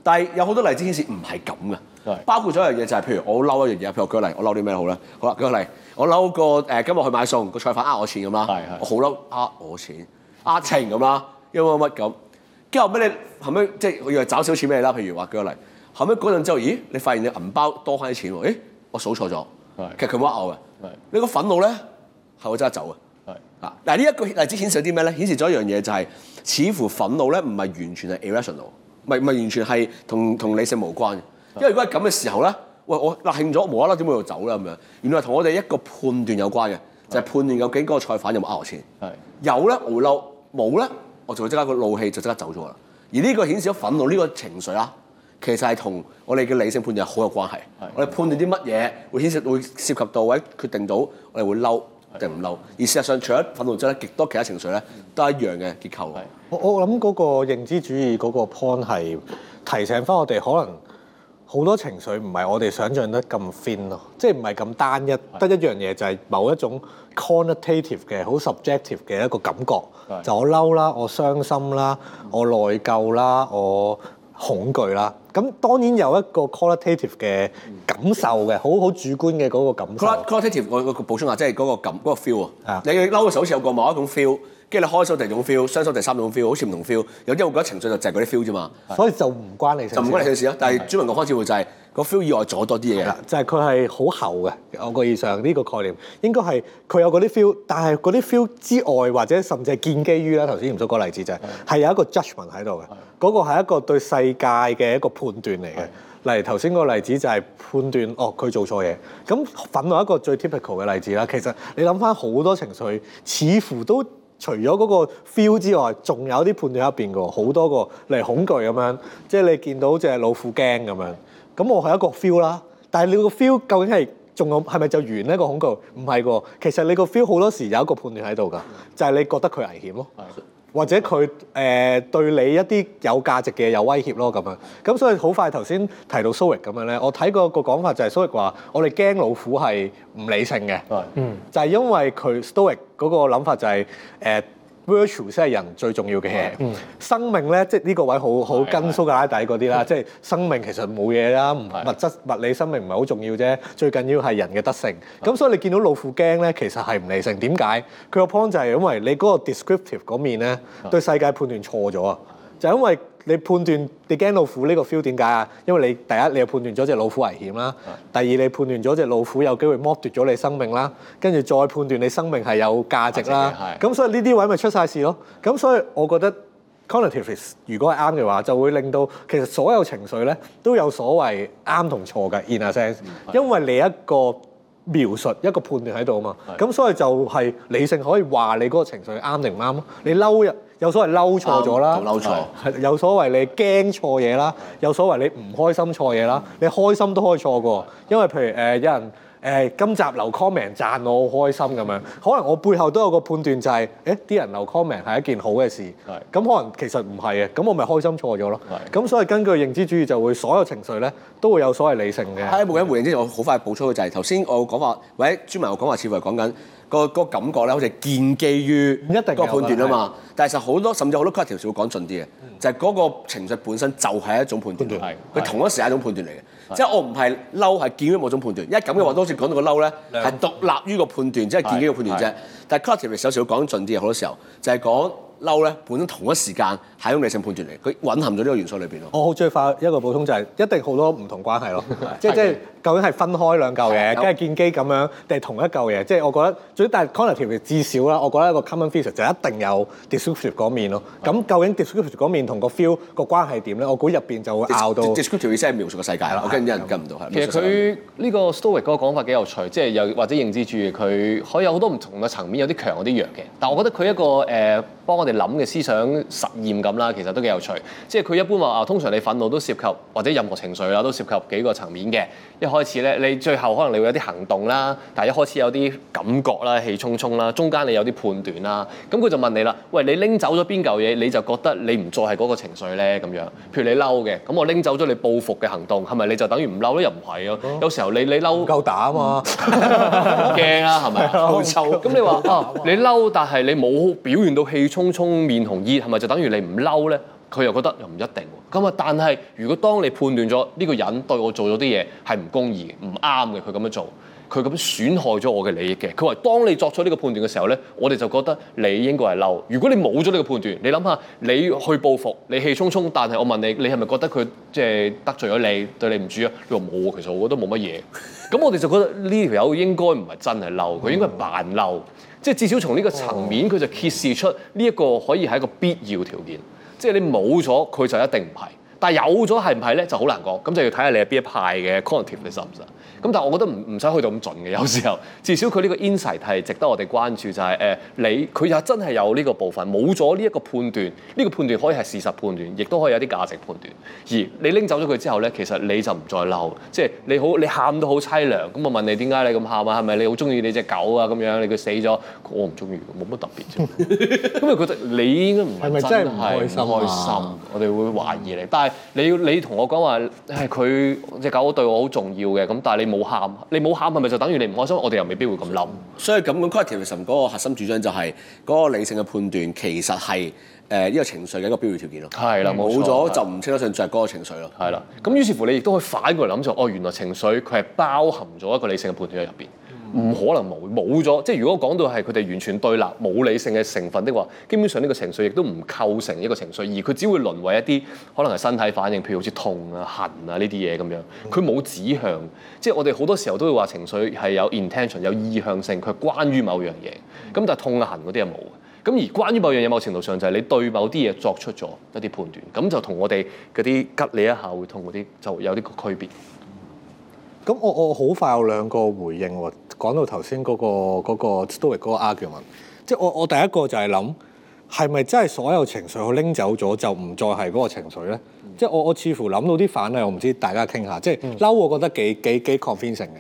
[SPEAKER 2] 但係有好多例子顯示唔係咁嘅，的包括咗一樣嘢就係，譬如我嬲一樣嘢，譬如舉個例，我嬲啲咩好咧？好啦，舉個例，我嬲個誒，今日去買餸個菜飯呃我錢咁啦，我好嬲呃我錢、呃的情咁啦，一乜乜咁。跟住後尾你後尾即係我以為找少錢俾你啦？譬如話舉個例，後尾嗰陣之後，咦你發現你銀包多翻啲錢喎？誒我數錯咗，其實佢冇呃我嘅。你個憤怒咧係我揸走嘅。啊！嗱，呢一個例子顯示咗啲咩咧？顯示咗一樣嘢就係，似乎憤怒咧唔係完全係 irrational，唔係唔係完全係同同理性無關嘅。因為如果喺咁嘅時候咧，喂，我鬧興咗，無啦啦點解要走啦咁樣？原來同我哋一個判斷有關嘅，就係判斷究竟嗰個菜販有冇呃我錢。係有咧我會嬲，冇咧我就會即刻個怒氣就即刻走咗啦。而呢個顯示咗憤怒呢個情緒啦，其實係同我哋嘅理性判斷好有關係。我哋判斷啲乜嘢會顯示會涉及到或者決定到我哋會嬲定唔嬲，而事實上除，除咗憤怒之外，極多其他情緒咧都係一樣嘅結構。是
[SPEAKER 1] 我我諗嗰個認知主義嗰個 point 係提醒翻我哋，可能好多情緒唔係我哋想象得咁 thin 咯，即係唔係咁單一，得是一樣嘢就係某一種 conative 嘅、好 subjective 嘅一個感覺。是就我嬲啦，我傷心啦，我內疚啦，我。恐懼啦，咁當然有一個 qualitative 嘅感受
[SPEAKER 2] 嘅，好好、mm. 主觀嘅嗰個感受。qualitative 我我補充下，即係嗰個感嗰、嗰個 feel 啊，Yeah. 你嬲嘅時候好似有個某一種 feel。跟住你開手第二種 feel，雙手第三種 feel，好似唔同 feel。有啲我覺得情緒就係嗰啲 feel 啫嘛。所以
[SPEAKER 1] 就唔關你事。就唔關你事啊！但係雋文
[SPEAKER 2] 個開始會就係個 feel 以外，咗多啲嘢。係啦，
[SPEAKER 1] 就係佢係好厚嘅，我個意上呢個概念應該係佢有嗰啲 feel，但係嗰啲 feel 之外，或者甚至係建基於啦。頭先唔叔個例子就係係有一個 judgment 喺度嘅，嗰個係一個對世界嘅一個判斷嚟嘅。是的 的例如頭先個例子就係判斷，哦佢做錯嘢。咁憤怒一個最 typical 嘅例子啦。其實你諗翻好多情緒，似乎都除咗嗰個 feel 之外，仲有啲判斷喺入邊㗎喎，好多個，例如恐懼咁樣，即係你見到隻老虎驚咁樣，咁我係一個 feel 啦。但係你個 feel 究竟係仲有係咪就完呢、呢個恐懼？唔係喎，其實你個 feel 好多時有一個判斷喺度㗎，就係、係、你覺得佢危險咯。或者佢誒、呃、對你一啲有價值嘅有威脅咯，咁樣，咁所以好快頭先提到 Stoic 咁樣咧，我睇過個講法就係 Stoic 話我哋驚老虎係唔理性嘅，嗯，就係因為佢 Stoic 嗰個諗法就係、是、誒。呃 Virtue 先係人最重要嘅嘢，嗯、生命咧即係呢個位好好跟蘇格拉底嗰啲啦，即係生命其實冇嘢啦， *laughs* 物質物理生命唔係好重要啫，最緊要係人嘅德性。咁是所以你見到老虎驚咧，其實係唔理性。點解？佢個 point 就係因為你嗰個 descriptive 嗰面咧，對世界判斷錯咗啊，是就因為。你判斷你驚老虎呢個 feel 點解啊？因為你第一你又判斷咗隻老虎危險啦，的第二你判斷咗隻老虎有機會剝奪咗你生命啦，跟住再判斷你生命係有價值啦。咁、啊、所以呢啲位咪出晒事咯。咁所以我覺得 cognitive 的如果啱嘅話，就會令到其實所有情緒咧都有所謂啱同錯嘅 inner sense，的因為你一個描述一個判斷喺度啊嘛。咁的所以就係理性可以話你嗰個情緒啱定唔啱咯。你嬲一有所謂嬲錯咗啦，有所謂你驚錯嘢啦，有所謂你唔開心錯嘢啦，嗯、你開心都可以錯過，因為譬如、呃、有人。誒，今集留 comment 讚我，好開心咁樣。可能我背後都有個判斷，就係誒啲人留 comment 係一件好嘅事。係，咁可能其實唔係嘅，咁我咪開心錯
[SPEAKER 2] 咗咯。係，咁所以根據認知主義，就會所有情緒咧都會有所謂理性嘅。係，冇人回應之前，我好快補充嘅就係頭先我講話，喂雋文，我講話似乎係講緊個感覺咧，好似建基於個判斷啊嘛。但係其實好多甚至好多 cutting 會講盡啲嘅，就係嗰個情緒本身就係一種判斷。係，佢同一時間係一種判斷嚟嘅。是即係我唔係嬲，係見於某種判斷。一咁嘅話，嗯、都好似講到個嬲咧，係獨兩立於個判斷，是即係見於個判斷啫。是是但係 Clarity 有時會講盡啲嘢，好是多時候，是時候說就係講嬲咧，本身同一時間。係一理性判斷嚟，佢藴含咗呢個元素裏邊咯。我好中意發一個補充就係，一定好多唔同關係咯。 *laughs* 的即係即係究竟係分
[SPEAKER 1] 開兩嚿嘢，跟住建基咁樣，定係同一嚿嘢？即係我覺得，最但係可能 conceptual 至少啦，我覺得一個 common feature 就一定有 descriptive 嗰面咯。咁、嗯、究竟 descriptive 嗰面同個 feel 個
[SPEAKER 2] 關係點咧？我估入邊就會拗到。descriptive 意思係描述個世界，的我跟住人跟唔到係。的的其實佢呢
[SPEAKER 3] 個 story 嗰個講法幾有趣，即係又或者認知主義佢可以有好多唔同嘅層面，有啲強有啲弱嘅。但我覺得佢一個誒、呃、幫我哋諗嘅思想實驗咁啦，其實都幾有趣。即係佢一般話啊，通常你憤怒都涉及或者任何情緒啦，都涉及幾個層面嘅。一開始咧，你最後可能你會有啲行動啦，但係一開始有啲感覺啦，氣沖沖啦，中間你有啲判斷啦。咁、嗯、佢就問你啦，喂，你拎走咗邊嚿嘢，你就覺得你唔再係嗰個情緒咧？咁樣，譬如你嬲嘅，咁我拎走咗你報復嘅行動，係咪你就等於唔嬲咧？又唔係咯？有時候你你嬲夠膽啊嘛，驚啊，係 *laughs* 咪、 *laughs* 啊？好臭。咁你話啊，你嬲，但係你冇表現到氣沖沖、面紅熱，係咪就等於你唔？嬲咧，佢又覺得又唔一定。咁啊，但係如果當你判斷咗呢個人對我做咗啲嘢係唔公義、唔啱嘅，佢咁樣做，佢咁損害咗我嘅利益嘅，佢話：當你作出呢個判斷嘅時候咧，我哋就覺得你應該係嬲。如果你冇咗呢個判斷，你諗下你去報復，你氣沖沖，但係我問你，你係咪覺得佢即係得罪咗你，對你唔住啊？佢話冇，其實我覺得冇乜嘢。咁 *laughs* 我哋就覺得呢條友應該唔係真係嬲，佢應該係扮嬲。即至少從呢個層面，佢就揭示出呢一個可以係一個必要條件。即係你冇咗，佢就一定唔係。但係有咗係唔係咧，就好難講，咁就要睇下你係邊一派嘅 conative 你實唔實？咁但係我覺得唔唔使去到咁盡嘅，有時候至少佢呢個 insight 係值得我哋關注，就係、是、誒、呃、你佢又真係有呢個部分，冇咗呢一個判斷，呢、這個判斷可以係事實判斷，亦都可以有啲價值判斷。而你拎走咗佢之後咧，其實你就唔再嬲，即、就、係、是、你好你喊到好凄涼。咁我問你點解你咁喊啊？係咪你好中意你隻狗啊？咁樣你佢死咗，我唔中意，冇乜特別啫。咁我覺得你應該唔係真係唔開，開心，我哋會懷疑你，但係。你要你同我講話，係佢隻狗對我好重要嘅。咁但係你冇
[SPEAKER 2] 喊，你冇喊係咪就等於你唔開心？我哋又未必會咁諗。所以咁樣，Cognitivism 嗰個核心主張就係嗰個理性嘅判斷，其實係誒呢個情緒嘅一個必要條件咯。係啦，冇錯，冇咗了的就唔稱得上係嗰個情緒咯。係啦，咁於是乎你亦都可以反過嚟諗就，哦，原來情緒佢係包
[SPEAKER 3] 含咗一個理性嘅判斷喺入邊。唔可能冇冇咗，即係如果講到係佢哋完全對立冇理性嘅成分的話，基本上呢個情緒亦都唔構成一個情緒，而佢只會淪為一啲可能係身體反應，譬如好似痛啊、痕啊呢啲嘢咁樣，佢冇指向，即係我哋好多時候都會話情緒係有 intention 有意向性，佢關於某樣嘢，咁但係痛啊痕嗰啲係冇。咁、啊、而關於某樣嘢某程度上就係你對某啲嘢作出咗一啲判斷，咁就同我哋嗰啲吉你一下會痛嗰啲就有啲個區別。
[SPEAKER 1] 咁我我好快有兩個回應喎，講到頭先嗰個、那個那個、story 嗰個 argument，即係我我第一個就係諗，係咪真係所有情緒我拎走咗就唔再係嗰個情緒咧？嗯、即係我我似乎諗到啲反例，我唔知大家傾下。即係嬲，我覺得幾幾幾 convincing 嘅。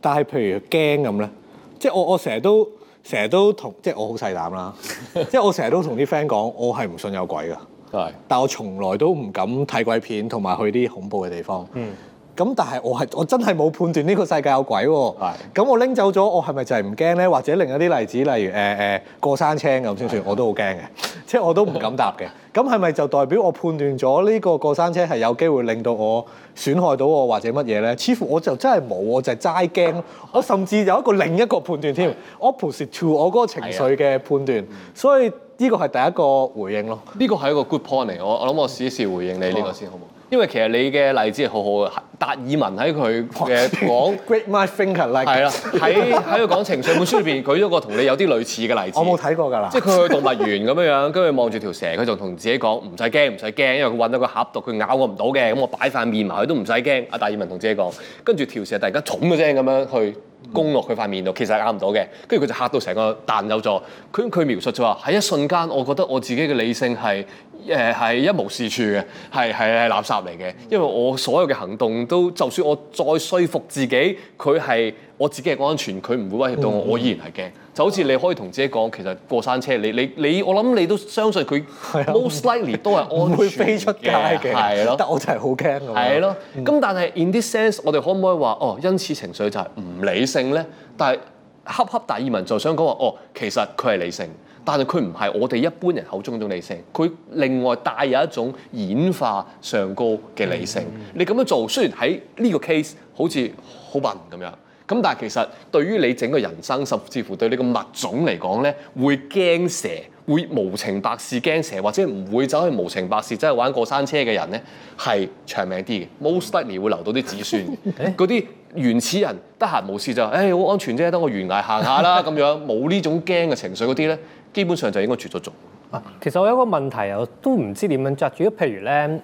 [SPEAKER 1] 但係譬如驚咁咧，即係我我成日都成日都同即係我好細膽啦。 *laughs* 即係我成日都同啲 friend 講：「我係唔信有鬼噶，對但係我從來都唔敢睇鬼片同埋去啲恐怖嘅地方。嗯咁但係我係我真係冇判斷呢個世界有鬼喎、哦，咁的我拎走咗，我係咪就係唔驚呢？或者另一啲例子，例如誒誒、呃呃、過山車咁，算唔算？的我都好驚嘅，即、就、係、是、我都唔敢答嘅。咁係咪就代表我判斷咗呢個過山車係有機會令到我損害到我或者乜嘢呢？似乎我就真係冇，我就係齋驚。的我甚至有一個另一個判斷，添 opposite to 我嗰個情緒嘅判
[SPEAKER 3] 斷，的嗯、所以。呢個係第一個回應咯。呢個係一個 good point 嚟，我我諗我試一試回應你呢個先好唔好？哦、因為其實你嘅例子係好好嘅。達爾文喺佢嘅講 *laughs* great
[SPEAKER 1] my finger 例
[SPEAKER 3] 係啦，喺喺佢講情緒本書入邊舉咗個同你有啲類似嘅例子。我冇睇過㗎啦。即係佢去動物園咁樣樣，跟住望住條蛇，佢仲同自己講唔使驚唔使驚，因為佢揾到個盒，佢咬我唔到嘅，咁我擺塊面埋去都唔使驚。阿達爾文同自己講，跟住條蛇突然間重嘅聲咁樣去。攻落佢塊面度，其實係啱唔到嘅。跟住佢就嚇到成個彈走咗。佢佢描述就話：喺一瞬間，我覺得我自己嘅理性係誒係一無是處嘅，係係係垃圾嚟嘅。因為我所有嘅行動都，就算我再説服自己，佢係。我自己係安全，佢唔會威脅到我，我依然係驚。就好似你可以同自己講，其實過山車，你你你，我諗你都相信佢，most likely 都係安全嘅，唔會飛出街嘅。係咯的，但我真係好驚。係咯的，咁、嗯、但係 in this sense，我哋可唔可以話哦？因此情緒就係唔理性咧。但係恰恰達爾文就想講話哦，其實佢係理性，但係佢唔係我哋一般人口中嗰種理性，佢另外帶有一種演化上高嘅理性。嗯、你咁樣做，雖然喺呢個 case 好似好笨咁樣。咁但係其實對於你整個人生，甚至乎對你個物種嚟講咧，會驚蛇，會無情百事驚蛇，或者唔會走去無情百事，走去玩過山車嘅人咧，係長命啲嘅。 *laughs* Most likely 會留到啲子孫嘅。嗰啲 *laughs* 原始人得閒無事就誒好、哎、安全啫，等我懸崖行下啦咁樣，冇呢種驚嘅情緒嗰啲咧，
[SPEAKER 4] 基本上就應該絕咗種。啊，其實我有一個問題啊，我都唔知點樣抓住。譬如咧，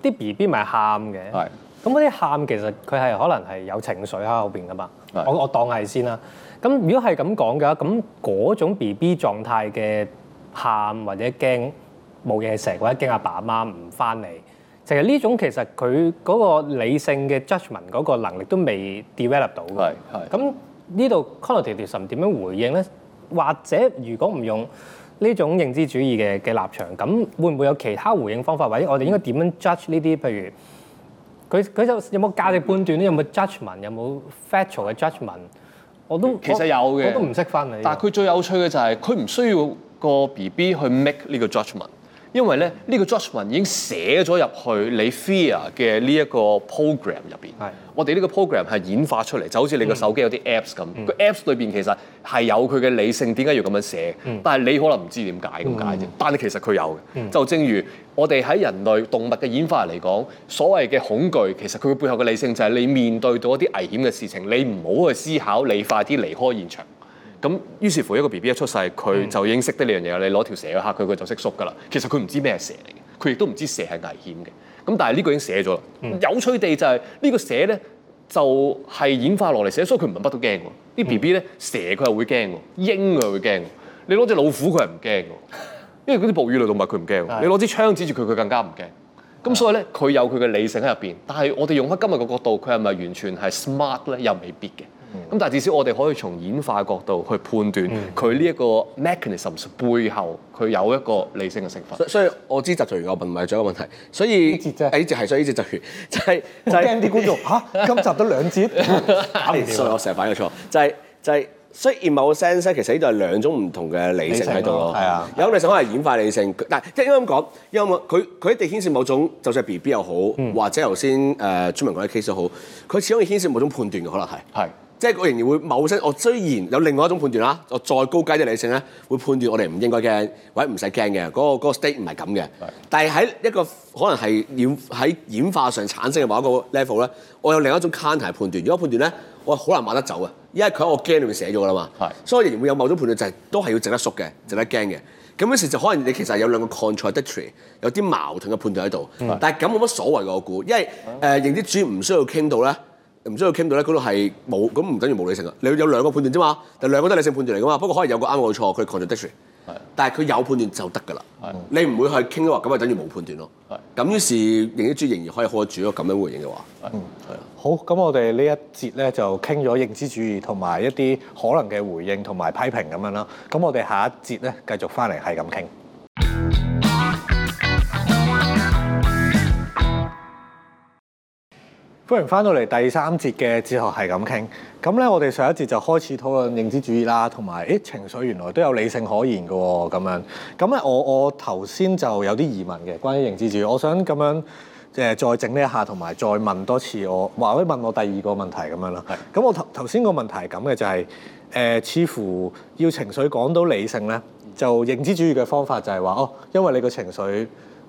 [SPEAKER 4] 啲 BB 咪喊嘅。係。 *laughs* 咁嗰啲喊其實佢係可能係有情緒喺後邊噶嘛，的我我當係先啦。咁如果係咁講嘅話，咁嗰種 BB 狀態嘅喊，或者驚冇嘢食，或者驚阿爸阿媽唔翻嚟，其實呢種其實佢嗰個理性嘅 judgment 嗰個能力都未 develop 到。嘅的。係。咁呢度 conducted some 點樣回應咧？或者如果唔用呢種認知主義嘅嘅立場，咁會唔會有其他回應方法？或者我哋應該點樣 judge 呢啲？譬如？佢佢有沒有冇價值判斷咧？有冇 judgment？有冇 factual 嘅 judgment？我都其實有嘅，我都唔識分。但係
[SPEAKER 3] 佢最有趣嘅就係佢唔需要個 BB 去 make 呢個 judgment。因為咧，呢個 judgement 已經寫咗入去你 fear 嘅呢一個 program 入邊。係，我哋呢個 program 係演化出嚟，就好似你個手機有啲 apps 咁。個 apps 裏邊其實係有佢嘅理性，點解要咁樣寫？嗯、但係你可能唔知點解咁解啫。嗯、但係其實佢有嘅，嗯、就正如我哋喺人類動物嘅演化嚟講，所謂嘅恐懼，其實佢嘅背後嘅理性就係你面對到一啲危險嘅事情，你唔好去思考，你快啲離開現場。咁於是乎一個 B B 一出世，佢就已經識得呢樣嘢啦。你攞條蛇去嚇佢，佢就識縮噶啦。其實佢唔知咩係蛇嚟嘅，佢亦都唔知蛇係危險嘅。咁但係呢個已經寫咗啦。嗯、有趣地就係、是、呢、呢個蛇咧，就係、是、演化落嚟寫，所以佢唔係乜都驚。啲 B B 咧，蛇佢係會驚喎，鷹佢會驚。你攞隻老虎佢係唔驚嘅，因為嗰啲哺乳類動物佢唔驚。的你攞支槍指住佢，佢更加唔驚。咁的所以咧佢有佢嘅理性喺入邊，但係我哋用翻今日嘅角度，佢係咪完全係 smart 咧？又未必嘅。咁但係至少我哋可以從演化角度去判斷，佢呢一個 mechanism
[SPEAKER 2] 背後佢有一個理性嘅成分。所以，我知集集，而家我問唔係最後問題，所以呢節啫。係所以呢節就完就係就係驚啲觀眾嚇，
[SPEAKER 1] 今集都兩節。
[SPEAKER 2] 所以我成日犯嘅錯就係就係雖然某個 sense 咧，其實呢度係兩種唔同嘅理性喺度咯。係啊，有啲理性可能係演化理性，但係即係應該咁講，因為佢佢一定牽涉某種就算係 B B 又好，或者頭先誒雋文講啲 case 都好，佢始終要牽涉某種判斷嘅可能係。係。即係我仍然會某啲，我雖然有另外一種判斷啦，我再高階啲理性咧，會判斷我哋唔應該驚，或者唔使驚嘅。嗰、那個那個 state 唔係咁嘅。但係喺一個可能係演喺演化上產生嘅某一個 level 咧，我有另一種 counter 判斷。如果判斷咧，我好難買得走啊，因為佢喺我 game 裏面寫咗噶啦嘛。係是。所以我仍然會有某種判斷，就係、是、都係要值得縮嘅，值得驚嘅。咁樣其實可能你其實有兩個 contradictory，有啲矛盾嘅判斷喺度。是但係咁冇乜所謂我估，因為誒、呃、認知主唔需要傾到咧。唔需要傾到咧，嗰度係冇，咁唔等於無理性啊！你要有兩個判斷啫嘛，但兩個都係理性判斷嚟噶嘛。不過可能有個啱，有個錯，佢 contradictory，但係佢有判斷就得㗎啦。的你唔會去傾嘅話咁，咪等於冇判斷咯。咁的於是認知主義仍然可以 hold 住咯，咁樣回應嘅話。嗯，係啊。好，咁我哋呢一節咧就
[SPEAKER 1] 傾咗認知主義同埋一啲可能嘅回應同埋批評咁樣啦。咁我哋下一節咧繼續翻嚟係咁傾。歡迎翻到嚟第三節嘅哲學係咁傾。咁咧，我哋上一節就開始討論認知主義啦，同埋誒情緒原來都有理性可言嘅喎。咁樣，咁咧我我頭先就有啲疑問嘅，關於認知主義，我想咁樣誒、呃、再整理一下，同埋再問多次我，或、呃、者問我第二個問題咁樣啦。咁是、嗯、我頭頭先個問題係咁嘅，就係、是、誒、呃、似乎要情緒講到理性咧，就認知主義嘅方法就係話哦，因為你個情緒。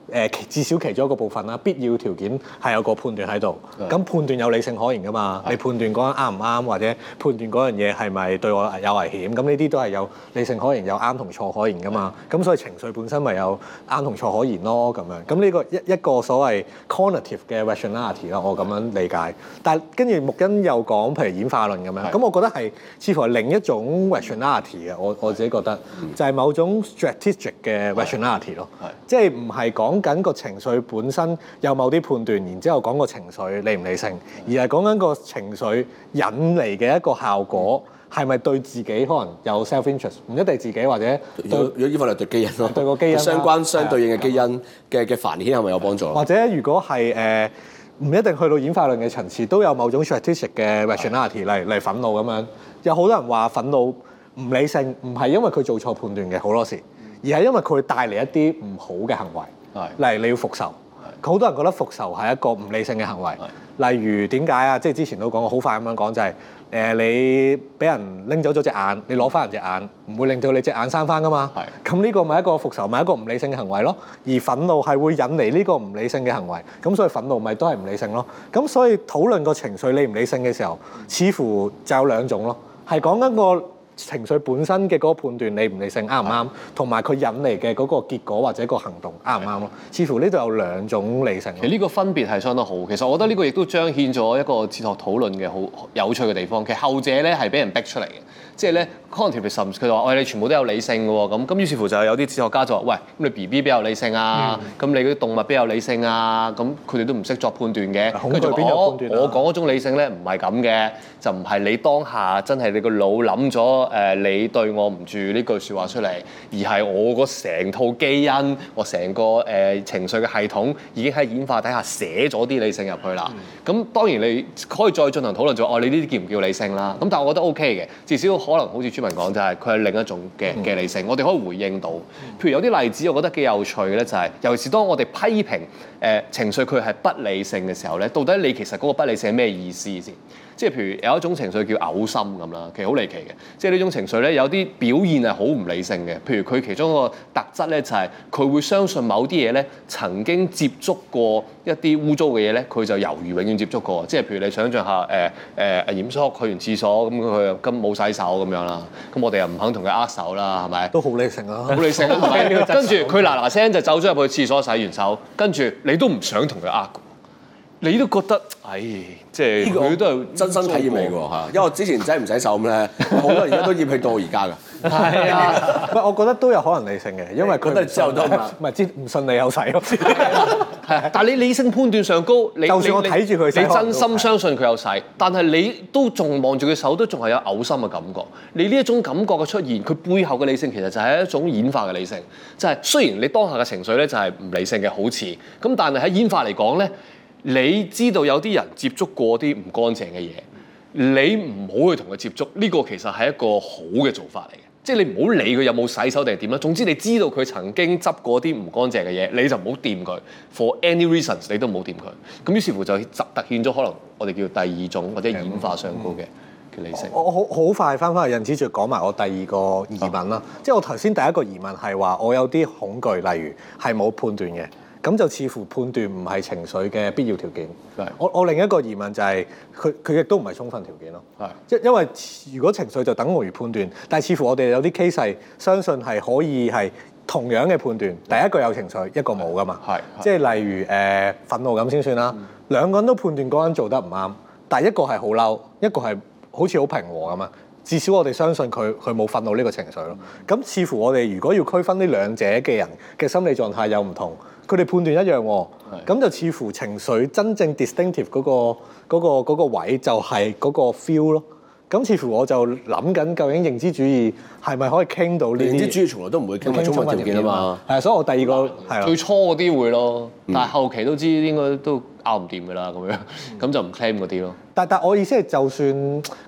[SPEAKER 1] 誒、呃，至少其中一個部分啦，必要條件係有個判斷喺度。咁 Yes. 判斷有理性可言㗎嘛？Yes. 你判斷嗰陣啱唔啱，或者判斷嗰樣嘢係咪對我有危險？咁呢啲都係有理性可言，有啱同錯可言㗎嘛。咁 Yes. 所以情緒本身咪有啱同錯可言咯，咁樣、這個。咁呢個一一個所謂 cognitive 嘅 rationality 啦，我咁樣理解。Yes. 但係跟住沐恩又講，譬如演化論咁樣。咁 Yes. 我覺得係似乎係另一種 rationality 嘅，我我自己覺得就係某種 strategic 嘅 rationality 咯，即係唔係講。講緊個情緒本身有某啲判斷，然之後講個情緒理唔理性，而係講緊個情緒引嚟嘅一個效果係咪、嗯、對自己可能有 self interest？唔一定自己或者對，如果如果依份嚟對基因咯， *laughs* 對個基因相關相對應嘅基因嘅嘅繁衍係咪有幫助？或者如果係誒唔一定去到演化論嘅層次，都有某種 strategic 嘅 rationality 嚟嚟憤怒咁樣。有好多人話憤怒唔理性，唔係因為佢做錯判斷嘅好多時，而係因為佢帶嚟一啲唔好嘅行為。例如是你要復仇，好是多人覺得復仇係一個唔理性嘅行為。是例如點解啊？即係之前都講過，好快咁樣講就係、是、誒、呃，你俾人拎走咗隻眼，你攞翻人隻眼，唔會令到你隻眼生翻噶嘛。咁呢是個咪一個復仇，咪、就是、一個唔理性嘅行為咯。而憤怒係會引嚟呢個唔理性嘅行為，咁所以憤怒咪都係唔理性咯。咁所以討論個情緒理唔理性嘅時候，似乎就有兩種咯，係講緊個，情緒本身嘅嗰個判斷理唔理性，啱唔啱，
[SPEAKER 3] 同埋佢引嚟嘅嗰個結果或者個行動啱唔啱咯？似乎呢度有兩種理性。是的 其實呢個分別係相當好，其實我覺得呢個亦都彰顯咗一個哲學討論嘅好有趣嘅地方。其實後者呢係俾人逼出嚟嘅。即係咧，康德其實唔佢就話，喂、哎、你全部都有理性嘅喎，咁咁於是乎就有啲哲學家就話，喂，咁你 B B 比較理性啊，咁、嗯、你嗰啲動物比較理性啊，咁佢哋都唔識作判斷嘅。咁我我講嗰種理性咧，唔係咁嘅，就唔係你當下真係你個腦諗咗誒，你對我唔住呢句説話出嚟，而係我個成套基因，我成個誒、呃、情緒嘅系統已經喺演化底下寫咗啲理性入去啦。咁、嗯嗯、當然你可以再進行討論、就是，就話，哦，你呢啲叫唔叫理性啦啊？咁但係我覺得 O K 嘅，至少。可能好似村民講就係，佢係另一種嘅嘅理性，嗯、我哋可以回應到。譬如有啲例子，我覺得幾有趣嘅咧、就係，就係尤其是當我哋批評誒、呃、情緒佢係不理性嘅時候咧，到底你其實嗰個不理性係咩意思先？即係譬如有一種情緒叫嘔心咁啦，其實好離奇嘅。即係呢種情緒咧，有啲表現係好唔理性嘅。譬如佢其中一個特質咧，就係佢會相信某啲嘢咧曾經接觸過一啲污糟嘅嘢咧，佢就猶豫永遠接觸過。即係譬如你想像下誒誒阿嚴叔去完廁所咁，佢佢咁冇洗手咁樣啦。咁我哋又唔肯同佢握手啦，係咪？都好理性啊，好理性。跟住佢嗱嗱聲就走咗入去廁所洗完手，跟住你都唔想
[SPEAKER 2] 同佢握手，你都覺得唉。哎呃即係，呢個都係真身體驗嚟嘅喎嚇，因為我之前真係唔使手咁咧，好多人而家都醃佢到而家㗎。係啊，唔我覺得
[SPEAKER 1] 都有可能理性嘅，因為佢都係之後都唔係知唔信你有洗。係，
[SPEAKER 2] 但
[SPEAKER 1] 係你理
[SPEAKER 3] 性判斷上高，你就算我睇住佢，你真心相信佢有洗，但係你都仲望住佢手，都仲係有嘔心嘅感覺。你呢一種感覺嘅出現，佢背後嘅理性其實就係一種演化嘅理性，就係雖然你當下嘅情緒咧就係唔理性嘅好似，咁但係喺演化嚟講咧。你知道有啲人接觸過啲唔乾淨嘅嘢，你唔好去同佢接觸，呢、這個其實係一個好嘅做法嚟嘅，即係你唔好理佢有冇洗手定係點啦。總之你知道佢曾經執過啲唔乾淨嘅嘢，你就唔好掂佢。For any reasons，你都唔好掂佢。咁於是乎就突顯咗可能我哋叫第二種或者演化上高嘅嘅理性。Okay. Mm-hmm. 我我好快翻返去印子再講埋我第二個疑問啦，oh. 即係我頭先第一個
[SPEAKER 1] 疑問係話我有啲恐懼，例如係冇判斷嘅。咁就似乎判斷唔係情緒嘅必要條件。是我我另一個疑問就係佢佢亦都唔係充分條件咯。係是，因因為如果情緒就等同於判斷，但係似乎我哋有啲 case 係相信係可以係同樣嘅判斷。是第一個有情緒，一個冇噶嘛。係，即係例如誒、呃、憤怒咁先算啦。兩、嗯、個人都判斷嗰、那個人做得唔啱，但係一個係好嬲，一個係好似好平和咁嘛。至少我哋相信佢佢冇憤怒呢個情緒咯。咁、嗯、似乎我哋如果要區分呢兩者嘅人嘅心理狀態有唔同，佢哋判斷一樣喎、哦。咁的就似乎情緒真正 distinctive 嗰、嗰個嗰、嗰個嗰個嗰個、位就係嗰個 feel 咯。咁似乎我就諗緊究竟認知主義係咪可以傾到呢啲？認知主義從來都唔會傾充分條件啊嘛。係啊，所以我第二個
[SPEAKER 3] 係最初嗰啲會咯，嗯、但係後期都知應該都拗唔掂㗎啦，咁樣咁、嗯、就唔 claim 嗰啲咯但，
[SPEAKER 1] 但但我意思係，就算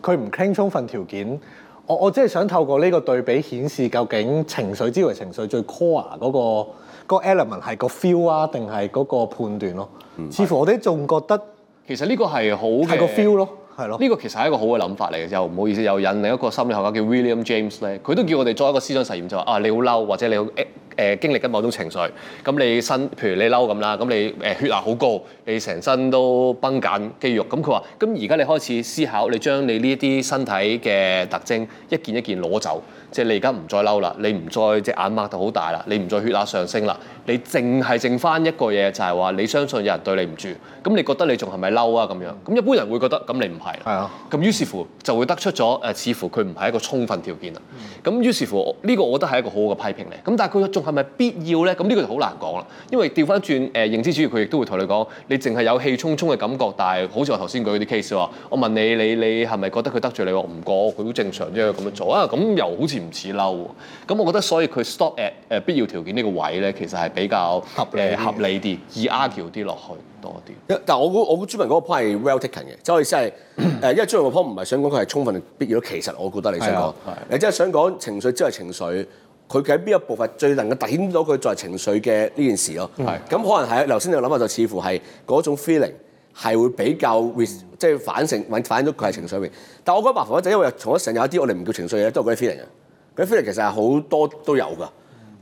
[SPEAKER 1] 佢唔 claim 充分條件，我我即係想透過呢個對比顯示，究竟情緒之為情緒最 core 嗰、嗰個嗰、嗰個、element 係個 feel 啊，定係嗰個判斷咯？嗯、
[SPEAKER 3] 似乎我哋仲覺得其實呢個係好係個 feel 咯。係咯，呢個其實係一個好嘅諗法嚟嘅，又唔好意思，又引另一個心理學家叫 William James 咧，佢都叫我哋作一個思想實驗，就話啊，你好嬲，或者你好誒誒經歷緊某種情緒，咁你身，譬如你嬲咁啦，咁你誒血壓好高，你成身都繃緊肌肉，咁佢話，咁而家你開始思考，你將你呢啲身體嘅特徵一件一件攞走。即係你而家唔再嬲啦，你唔再隻眼擘到好大啦，你唔再血壓上升啦，你淨係剩翻一個嘢就係、是、話你相信有人對你唔住，咁你覺得你仲係咪嬲啊咁樣？咁一般人會覺得咁你唔係，咁的於是乎就會得出咗誒，似乎佢唔係一個充分條件啦。咁於是乎呢、這個我覺得係一個好好嘅批評嚟。咁但係佢仲係咪必要咧？咁、這、呢個就好難講啦。因為調翻轉誒認知主義，佢亦都會同你講，你淨係有氣沖沖嘅感覺，但係好似我頭先舉嗰啲 case 話，我問你你你係咪覺得佢得罪你？我唔過佢好正常啫，咁、啊、樣做啊，咁又好似。唔似嬲喎，咁我覺得所以佢 stop at 誒、uh, 必要條件呢個位咧，其實係比較誒合理啲，易 argue 啲落去
[SPEAKER 2] 多啲。但係我估我估雋文嗰個 point 係 well taken 嘅，即係意思係誒，嗯、因為雋文個 point 唔係想講佢係充分必要，其實我覺得你想講，你即係想講情緒即係情緒，佢喺邊一部分最能夠凸顯到佢作為情緒嘅呢件事咯。係咁的，嗯、可能係頭先你諗下就似乎係嗰種 feeling 係會比較、嗯、即係反證反映咗佢係情緒嚟。但我覺得麻煩就係因為同一成日有啲我哋唔叫情緒嘅都係嗰啲 feeling 嘅。其實係好多都有㗎，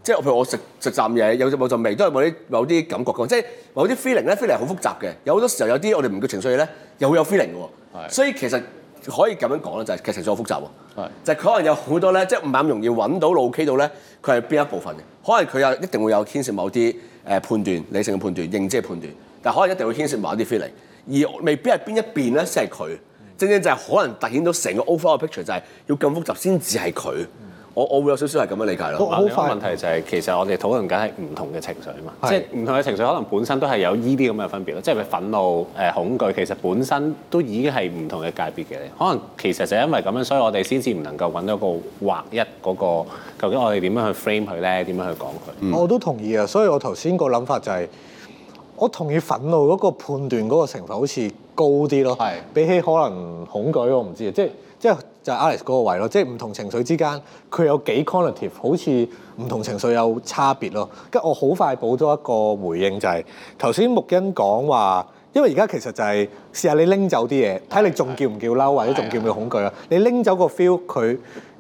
[SPEAKER 2] 即係譬如我食食啖嘢，有隻某陣味，都係某啲某啲感覺㗎。即係某啲 feeling 咧，feeling 好複雜嘅。有好多時候有啲我哋唔叫情緒嘅咧，又會有 feeling 㗎喎。是所以其實可以咁樣講咧，就係、是、其實情緒好複雜喎。是就係佢可能有好多咧，即係唔咁容易揾到 locate 到咧，佢係邊一部分嘅？可能佢有一定會有牽涉某啲誒判斷、理性嘅判斷、認知嘅判斷，但可能一定會牽涉某啲 feeling，而未必係邊一邊咧先係佢。是正正就係可能凸顯到成個 overall picture 就係、是、要咁複雜先至係佢。嗯我我會有少少係咁樣理解咯。問題就係、
[SPEAKER 5] 是、其實我哋討論緊係唔同嘅情緒嘛，是即係唔同嘅情緒可能本身都係有依啲咁嘅分別咯。即係咪憤怒誒、呃、恐懼其實本身都已經係唔同嘅界別嘅。可能其實就係因為咁樣，所以我哋先至唔能夠搵到一個劃一，嗰個究竟我哋點樣去 frame 佢咧？點樣去講佢？
[SPEAKER 1] 我都同意啊。所以我頭先個諗法就係、是，我同意憤怒嗰個判斷嗰個程度好似高啲咯。係是比起可能恐懼，我唔知啊。即即。即就係 Alex 嗰個位咯，即係唔同情緒之間，佢有幾 conative，好似唔同情緒有差別咯。跟住我好快補咗一個回應，就係頭先沐恩講話，因為而家其實就係、是、試下你拎走啲嘢，睇你仲叫唔叫嬲，或者仲叫唔叫恐懼啊？的你拎走個 feel，佢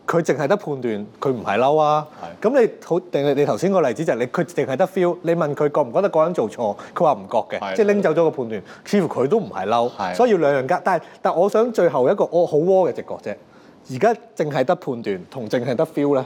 [SPEAKER 1] 佢淨係得判斷，佢唔係嬲啊。咁的你好，定你你頭先個例子就係、是、你，佢淨係得 feel。你問佢覺唔覺得嗰個人做錯，佢話唔覺嘅，的即係拎走咗個判斷，似乎佢都唔係嬲，的所以要兩樣㗎。但係但係，我想最後一個我好窩嘅直覺啫。而家淨係得判斷同淨係得 feel 咧，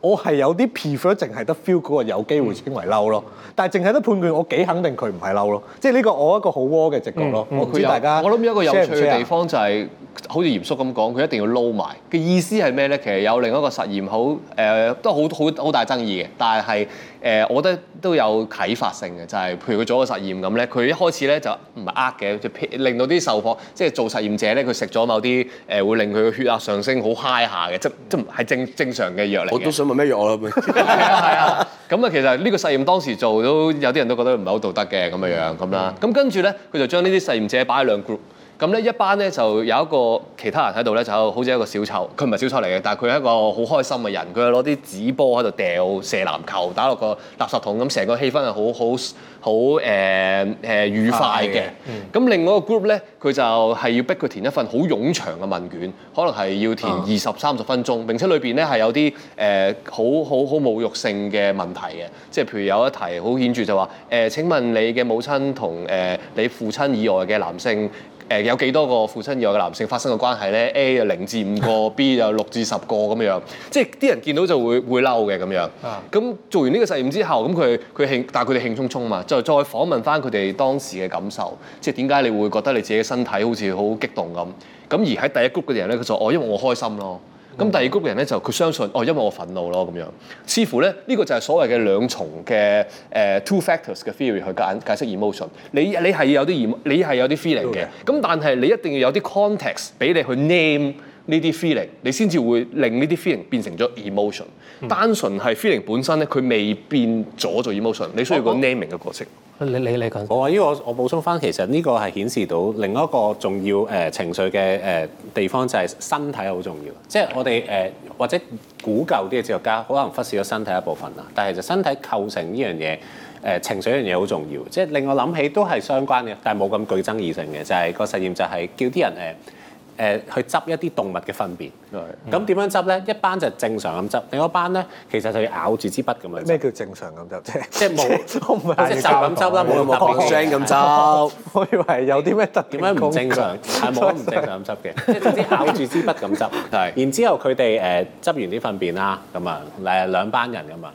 [SPEAKER 1] 我係有啲 prefer 淨係得 feel 嗰個有機會稱為嬲咯。但係淨係得判斷，我幾肯定佢唔係嬲咯。即係呢個我一個好窩嘅直覺咯。唔、嗯嗯、大家，我諗有一個有趣嘅地方就係、是，
[SPEAKER 3] 分享 好似嚴肅咁講，佢一定要撈埋嘅意思係咩咧？其實有另一個實驗好誒、呃，都好好好大爭議嘅，但係。誒、呃，我覺得都有啟發性嘅，就係、是、譬如佢做個實驗咁咧，佢一開始咧就唔係呃嘅，就令到啲受訪，即係做實驗者咧，佢食咗某啲誒、呃、會令佢嘅血壓上升好 high 下嘅，即、mm. 即係正正常嘅藥嚟。我都想
[SPEAKER 2] 問咩藥啦，
[SPEAKER 3] 係啊，咁啊，其實呢個實驗當時做都有啲人都覺得唔係好道德嘅咁嘅樣咁啦，咁、mm. 嗯、跟住咧佢就將呢啲實驗者擺喺兩 group。咁呢一班咧就有一個其他人喺度咧，就好似一個小丑，佢唔係小丑嚟嘅，但係佢係一個好開心嘅人。佢係攞啲紙波喺度掉射籃球，打落個垃圾桶咁，成個氣氛係好好好誒誒愉快嘅、啊。咁、嗯、另外一個 group 咧，佢就係要逼佢填一份好冗長嘅問卷，可能係要填二十三十分鐘、啊裡，並且裏邊咧係有啲誒好好好侮辱性嘅問題嘅，即係譬如有一題好顯著就話誒、呃：請問你嘅母親同誒、呃、你父親以外嘅男性？誒有幾多個父親以外嘅男性發生嘅關係咧？A 就零至五個，B 就六至十個咁樣，即係啲人見到就會會嬲嘅咁樣。咁、嗯、做完呢個實驗之後，咁佢佢興，但係佢哋興沖沖啊嘛，就再去訪問翻佢哋當時嘅感受，即係點解你會覺得你自己嘅身體好似好激動咁？咁而喺第一 group 嘅人咧，佢就哦，我因為我開心咯。咁第二 group 嘅人咧就佢相信哦，因為我憤怒咯。咁樣似乎咧呢、這個就係所謂嘅兩重嘅誒、呃、two factors 嘅 theory 去解解釋 emotion。你你係有啲 emo，你係有啲 feeling 嘅。咁 Okay. 但係你一定要有啲 context 俾你去 name。呢啲 feeling，你先至會令呢啲 feeling 變成咗 emotion。嗯、單純係 feeling 本
[SPEAKER 5] 身咧，佢未變咗做 emotion。你需要個 naming 嘅角色。你你你講。我話、呢個，因為我我補充翻，其實呢個係顯示到另一個重要誒情緒嘅誒地方，就係身體好重要。即係我哋誒或者古舊啲嘅哲學家，可能忽視咗身體一部分啦。但係就身體構成呢樣嘢，誒情緒一樣嘢好重要。即係令我諗起都係相關嘅，但係冇咁具爭議性嘅，就係個實驗就係叫啲人誒。誒去執一啲動物嘅糞便。咁點對樣執咧？一班就正常咁執，另一班咧，其實就要咬住支筆咁嚟
[SPEAKER 1] 執。咩叫正常咁執？
[SPEAKER 5] 即係 *laughs* 即係冇都唔係。即係就咁執啦，冇冇講聲咁執。 *laughs*
[SPEAKER 1] 對我以為有啲咩特點咧，唔正常，係冇唔正常咁執
[SPEAKER 5] 嘅， *laughs* 即係總之咬住支筆咁執。係。 *laughs* 然之後佢哋誒執完啲糞便啦，咁啊誒兩班人咁啊。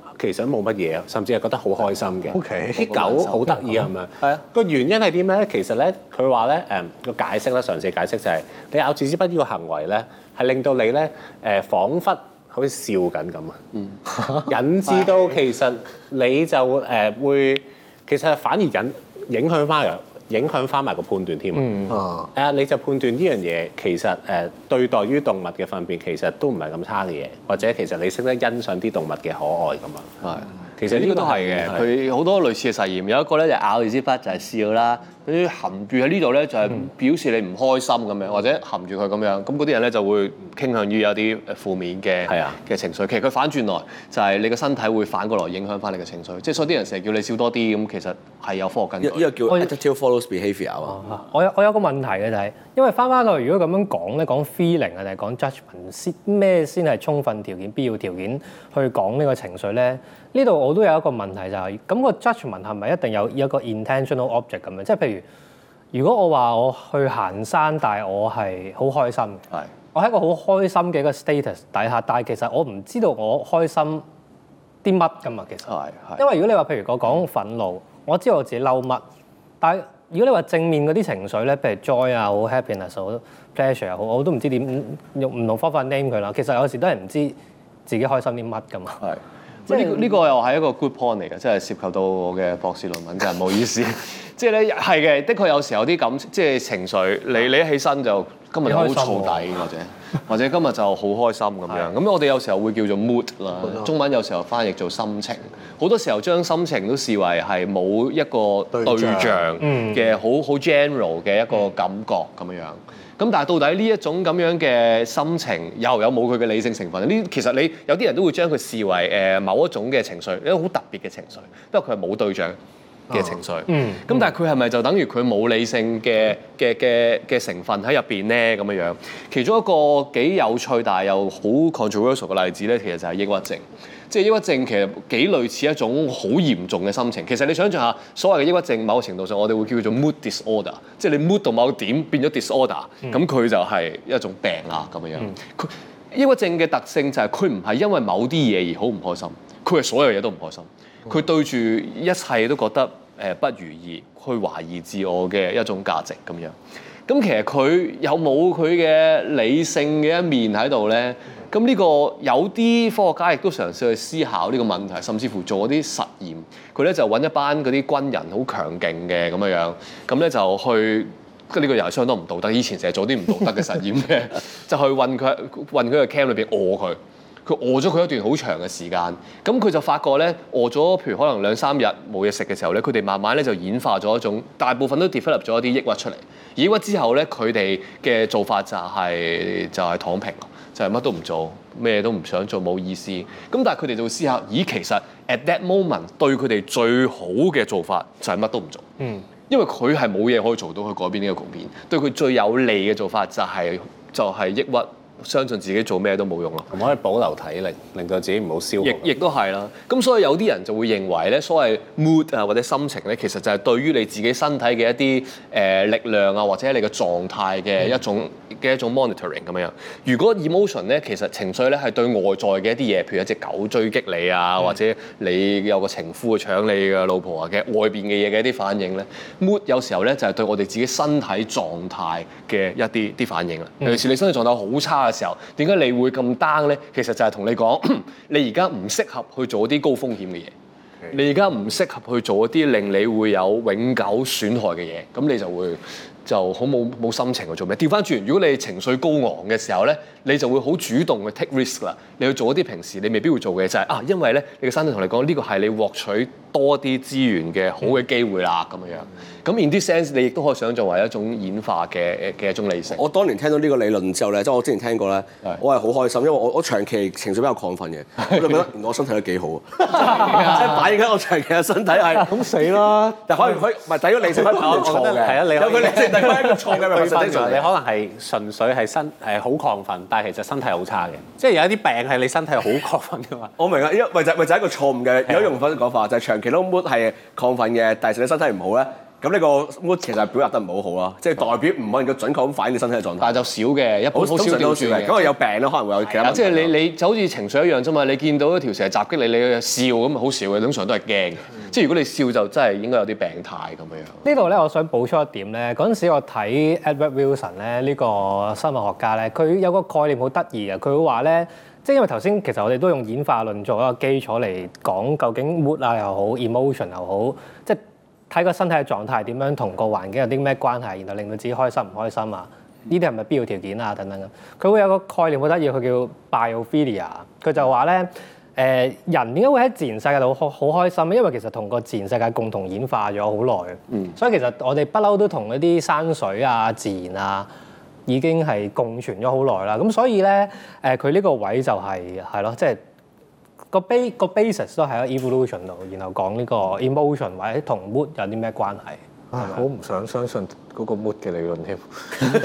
[SPEAKER 5] 其實冇乜嘢啊，甚至係覺得好開心嘅。OK，啲狗好得意咁樣。係啊，個 *music* 嗎原因係點咧？其實咧，佢話咧，誒個解釋啦，嘗試解釋就係你咬住支筆呢個行為咧，係令到你咧，誒、呃、彷彿好似笑緊咁啊。嗯、引致到其實你就誒會，其實反而引影響翻嘅。影響翻埋個判斷添啊！誒、mm，hmm. uh, 你就判斷呢樣嘢其實誒，uh, 對待於動物嘅糞便其實都唔係咁差嘅嘢，mm hmm. 或者其實你識得欣賞啲動物嘅可愛咁啊！Mm hmm. 其實呢個都係嘅，佢
[SPEAKER 3] 好的多類似嘅實驗。的有一個咧就咬住支筆就係笑啦，佢含住喺呢度咧就係表示你唔開心咁樣，嗯、或者含住佢咁樣咁嗰啲人咧就會傾向於有啲負面嘅嘅的情緒。其實佢反轉來就係你個身體會反過來影響翻你嘅情緒。即係所以啲人成日叫你笑多啲咁，其實
[SPEAKER 2] 係有科學根據。呢個叫 attitude follows behaviour 啊。我
[SPEAKER 4] 有我有個問題嘅就係、是、因為翻翻來，如果咁樣講咧，講 feeling 啊定係講 judgement 咩先係充分條件、必要條件去講呢個情緒咧？呢度我都有一個問題就係，咁個 judgment 係咪一定有一個 intentional object 咁樣？即係譬如，如果我話我去行山，但係我係好開心嘅，係。我喺一個好開心嘅一個 status 底下，但係其實我唔知道我開心啲乜㗎嘛，其實。係係。因為如果你話譬如我講憤怒，我知道我自己嬲乜，但係如果你話正面嗰啲情緒咧，譬如 joy 啊、好 happiness、好 pleasure 又好，我都唔知點用唔同方法 name 佢啦。其實有時都係唔知自己開心啲乜㗎嘛。係。呢呢、這個這
[SPEAKER 3] 個又係一個 good point 嚟嘅，即係涉及到我嘅博士論文嘅，唔、真係、好意思。 *laughs* 即係咧，係嘅，的確有時候有啲感，即係情緒，你你一起身就
[SPEAKER 5] 今日好燥底，或者
[SPEAKER 3] *laughs* 或者今日就好開心咁樣。咁 *laughs* 我哋有時候會叫做 mood 啦， *laughs* 中文有時候翻譯做心情。好多時候將心情都視為係冇一個對象嘅好好 general 嘅一個感覺咁樣。咁但係到底呢一種咁樣嘅心情又有冇佢嘅理性成分呢？其實你有啲人都會將佢視為誒某一種嘅情緒，一種好特別嘅情緒，因為佢係冇對象嘅情緒，咁、uh huh. mm hmm. 但係佢係咪就等於佢冇理性嘅嘅嘅嘅成分喺入邊咧？咁樣樣，其中一個幾有趣但係又好 controversial 嘅例子咧，其實就係抑鬱症。即係抑鬱症其實幾類似一種好嚴重嘅心情。其實你想象下，所謂嘅抑鬱症，某個程度上我哋會叫做 mood disorder，即係你 mood 到某個點變咗 disorder，咁佢就、mm、係一、hmm. 種病啦咁樣樣。佢抑鬱症嘅特性就係佢唔係因為某啲嘢而好唔開心，佢係所有嘢都唔開心，佢對住一切都覺得。誒不如意，去懷疑自我嘅一種價值咁樣。咁其實佢有冇佢嘅理性嘅一面喺度咧？咁呢個有啲科學家亦都嘗試去思考呢個問題，甚至乎做啲實驗。佢咧就揾一班嗰啲軍人好強勁嘅咁樣樣，咁咧就去，呢個又係相當唔道德。以前成日做啲唔道德嘅實驗嘅， *laughs* 就去運佢，運佢個 cam 裏邊餓佢。餓咗佢一段好長嘅時間，咁佢就發覺咧餓咗，譬如可能兩三日冇嘢食嘅時候咧，佢哋慢慢咧就演化咗一種，大部分都 develop 咗一啲抑鬱出嚟。抑鬱之後咧，佢哋嘅做法就係就係躺平，就係乜都唔做，咩都唔想做，冇意思。咁但係佢哋就會思考，咦，其實 at that moment 對佢哋最好嘅做法就係乜都唔做，嗯，因為佢係冇嘢可以做到去改變呢個局面，對佢最有利嘅做法就係就係抑鬱。相信自己做咩都冇用咯，唔可以保留體力，令到自己唔好消耗。亦亦都係啦，咁所以有啲人就會認為咧，所謂 mood 啊或者心情咧，其實就係對於你自己身體嘅一啲誒、呃、力量啊或者你嘅狀態嘅一種嘅、嗯、一種 monitoring 咁樣。如果 emotion 咧，其實情緒咧係對外在嘅一啲嘢，譬如一隻狗追擊你啊，嗯、或者你有個情夫去搶你嘅老婆嘅、啊、外邊嘅嘢嘅一啲反應咧，mood、嗯、有時候咧就係、是、對我哋自己身體狀態嘅一啲啲反應啦。尤其是你身體狀態好差。時候點解你會咁 down 咧？其實就係同你講，你而家唔適合去做啲高風險嘅嘢，你而家唔適合去做一啲令你會有永久損害嘅嘢，咁你就會就好冇冇心情去做咩？調翻轉，如果你情緒高昂嘅時候咧，你就會好主動去 take risk 啦，你去做一啲平時你未必會做嘅，嘢，就係、是、啊，因為咧，你嘅生仔同你講呢個係你獲取多啲資源嘅好嘅機會
[SPEAKER 2] 啦，咁樣樣。咁 in this sense，你亦都可以想作為一種演化嘅嘅一種理性。我當年聽到呢個理論之後咧，即係我之前聽過咧，我係好開心，因為我我長期情緒比較亢奮嘅，你覺得我身體都幾好，即係擺緊我長期嘅身體係。咁死啦！但係可以唔可以？唔係，只要理性係唔錯嘅，係啊，你可以理性。第一個錯嘅咪係。你可能係純
[SPEAKER 5] 粹係身係好亢奮，但係其實身體好差嘅。即係有一啲病係你身體好亢奮㗎嘛。
[SPEAKER 2] 我明啊，因為咪就咪就係一個錯誤嘅。有用分講法就係長。其實 mood 係亢奮嘅，但係成日身體唔好咧，咁呢個 mood 其實表達得唔好好咯，即係代表唔可能夠準確咁反映你身體嘅狀態。但係就少嘅，一般少都好少點算。咁啊有病咯，可能會有其他。即係你你
[SPEAKER 3] 就好似情緒一樣啫嘛，你見到一條蛇襲擊你，你笑咁好少嘅，通常都係驚。嗯、即係如果你笑就真係應該有啲病態咁樣樣。
[SPEAKER 4] 呢度咧，我想補充一點咧，嗰陣時我睇 Edward Wilson 咧呢個生物學家咧，佢有個概念好得意嘅，佢會話咧。即係因為頭先其實我哋都用演化論做一個基礎嚟講，究竟 mood 啊又好 emotion 又好，即係睇個身體嘅狀態點樣同個環境有啲咩關係，然後令到自己開心唔開心啊？呢啲係咪必要條件啊？等等咁，佢會有個概念好得意，佢叫 biophilia。佢就話咧，誒人點解會喺自然世界度好好開心？因為其實同個自然世界共同演化咗好耐，嗯、所以其實我哋不嬲都同一啲山水啊、自然啊，已經係共存咗好耐啦，咁所以咧，誒佢呢個位就係係咯，即係個 base 個 basis 都係喺 evolution 度，然後講呢個 emotion 或者同 mood 有啲咩關係？啊唉，好唔想相信。嗰個 mood 嘅理論添，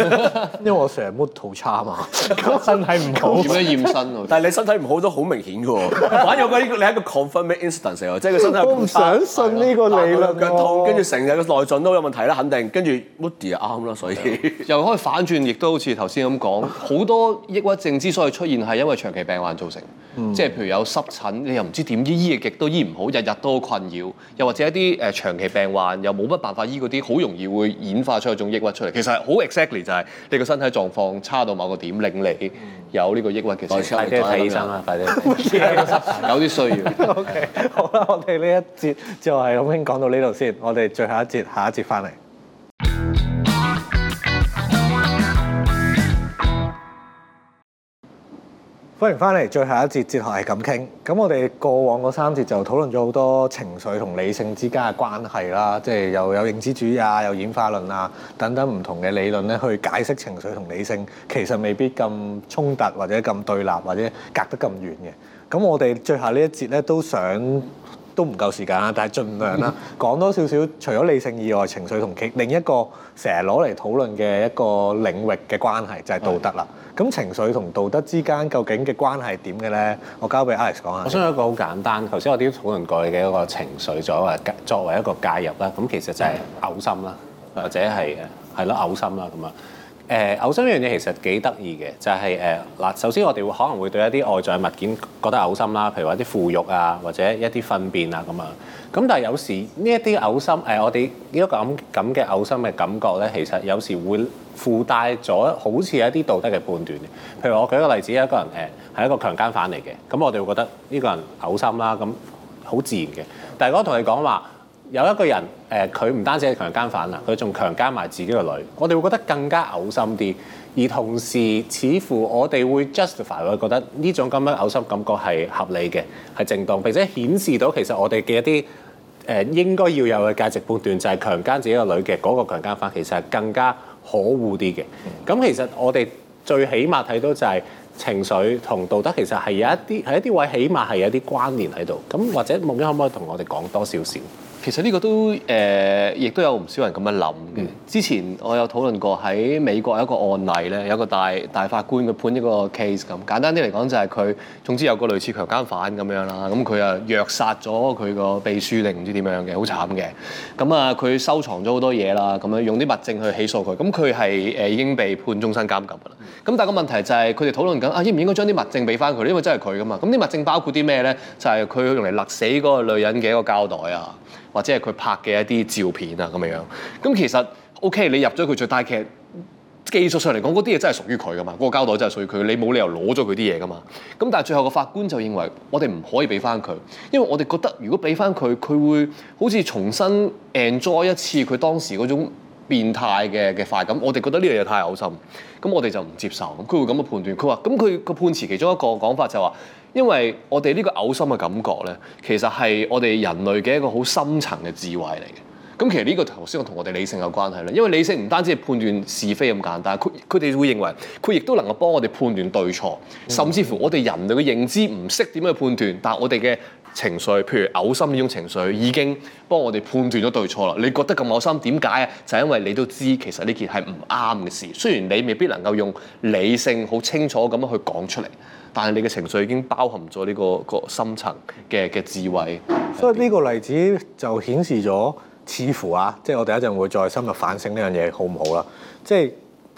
[SPEAKER 4] *laughs* 因為我
[SPEAKER 2] 成日 mood 好差啊嘛，個 *laughs* 身體唔好點樣驗身，但係你身體唔好都好明顯嘅喎，反而有個你係一個，個 confirm instance 即係個身體唔好。我唔想信呢了個理論、啊。腳痛，跟住成日嘅內臟都有問題啦，肯定。跟住 mood 啲又啱啦，所以又可以反轉，亦都好似
[SPEAKER 3] 頭先咁講，好多抑鬱症之所以出現係因為長期病患造成，嗯、即係譬如有濕疹，你又唔知點醫，醫極都醫唔好，日日都困擾，又或者一啲誒長期病患又冇乜辦法醫嗰啲，好容易會演化。發出一種抑鬱出嚟，其實好 exactly 就係、是、你個身體狀況差到某個點，令你有呢個抑鬱。其實、嗯、以快啲睇醫
[SPEAKER 5] 生啦、啊，樣快啲
[SPEAKER 2] 有啲需
[SPEAKER 1] 要。OK， *laughs* 好啦，我哋呢一節就係咁樣講到呢度先，我哋最後一節，下一節返嚟。歡迎翻嚟，最後一節節目係咁傾。咁我哋過往嗰三節就討論咗好多情緒同理性之間嘅關係啦，即係又有，有認知主義啊，有演化論啊，等等唔同嘅理論咧，去解釋情緒同理性其實未必咁衝突，或者咁對立，或者隔得咁遠嘅。咁我哋最後一節呢一節咧都想。都唔夠時間啊，但係盡量啦，講多少少。除咗理性以外，情緒同其另一個成日攞嚟討論嘅一個領域嘅關係就係、是、道德啦。咁是情緒同道德之間究竟嘅關係點嘅咧？我交俾 Alex 講
[SPEAKER 5] 下。我想有一個好簡單，頭先我哋討論過嘅一個情緒作為作為一個介入啦。咁其實就係嘔心啦，的或者係係咯，嘔心啦咁啊。誒嘔、呃、心呢樣嘢其實幾得意嘅，就係誒嗱，首先我哋會可能會對一啲外在物件覺得嘔心啦，譬如話啲腐肉啊，或者一啲糞便啊咁樣。咁但係有時呢一啲嘔心誒、呃，我哋呢、呢個咁咁嘅嘔心嘅感覺咧，其實有時會附帶咗好似一啲道德嘅判斷嘅。譬如我舉一個例子，一個人誒係、呃、一個強姦犯嚟嘅，咁我哋會覺得呢個人嘔心啦，咁好自然嘅。但係我同你講話。有一個人誒，佢、呃、唔單止係強姦犯啦，佢仲強姦埋自己個女。我哋會覺得更加嘔心啲，而同時似乎我哋會 justify 會覺得呢種咁樣嘔心感覺係合理嘅，係正當，並且顯示到其實我哋嘅一啲誒、呃、應該要有嘅價值判斷就係強姦自己個女嘅嗰個強姦犯其實係更加可惡啲嘅。咁其實我哋最起碼睇到就係情緒同道德其實係有一啲係一啲位起碼係有啲關聯喺度。咁或者沐恩可唔可以同我哋講多少少？其實呢個都誒、
[SPEAKER 3] 呃，亦都有唔少人咁樣諗嘅。之前我有討論過喺美國有一個案例咧，有一個大大法官嘅判一個 case。咁簡單啲嚟講，就係佢總之有個類似強奸犯咁樣啦。咁佢啊虐殺咗佢個秘書定唔知點樣嘅，好慘嘅。咁啊，佢收藏咗好多嘢啦，咁樣用啲物證去起訴佢。咁佢係誒已經被判終身監禁嘅啦。咁但係個問題就係佢哋討論緊啊，應唔應該將啲物證俾翻佢？因為真係佢噶嘛。咁啲物證包括啲咩咧？就係、是、佢用嚟勒死嗰個女人嘅一個膠袋啊。或者係佢拍嘅一啲照片啊，咁樣樣。咁其實 OK，你入咗佢著，大係技術上嚟講，嗰啲嘢真係屬於佢噶嘛，嗰個膠袋真係屬於佢，你冇理由攞咗佢啲嘢噶嘛。咁但係最後個法官就認為，我哋唔可以俾翻佢，因為我哋覺得如果俾翻佢，佢會好似重新 enjoy 一次佢當時嗰種變態嘅嘅快感。我哋覺得呢樣嘢太嘔心，咁我哋就唔接受。咁佢會咁嘅判斷，佢話：咁佢個判詞其中一個講法就話、係。因為我哋呢個嘔心嘅感覺呢，其實係我哋人類嘅一個好深層嘅智慧嚟嘅。咁其實呢個頭先我同我哋理性有關係啦，因為理性唔單止係判斷是非咁簡單，佢佢哋會認為佢亦都能夠幫我哋判斷對錯，甚至乎我哋人類嘅認知唔識點樣去判斷，但係我哋嘅情緒，譬如嘔心呢種情緒，已經幫我哋判斷咗對錯啦。你覺得咁嘔心，點解啊？就係因為你都知其實呢件係唔啱嘅事，雖然你未必能夠用理性好清楚咁樣去講出嚟。但係你嘅情緒已經包含咗呢、這個、這個深層嘅嘅智慧，
[SPEAKER 1] 所以呢個例子就顯示咗，似乎啊，即係我哋一陣會再深入反省呢樣嘢好唔好啦。即係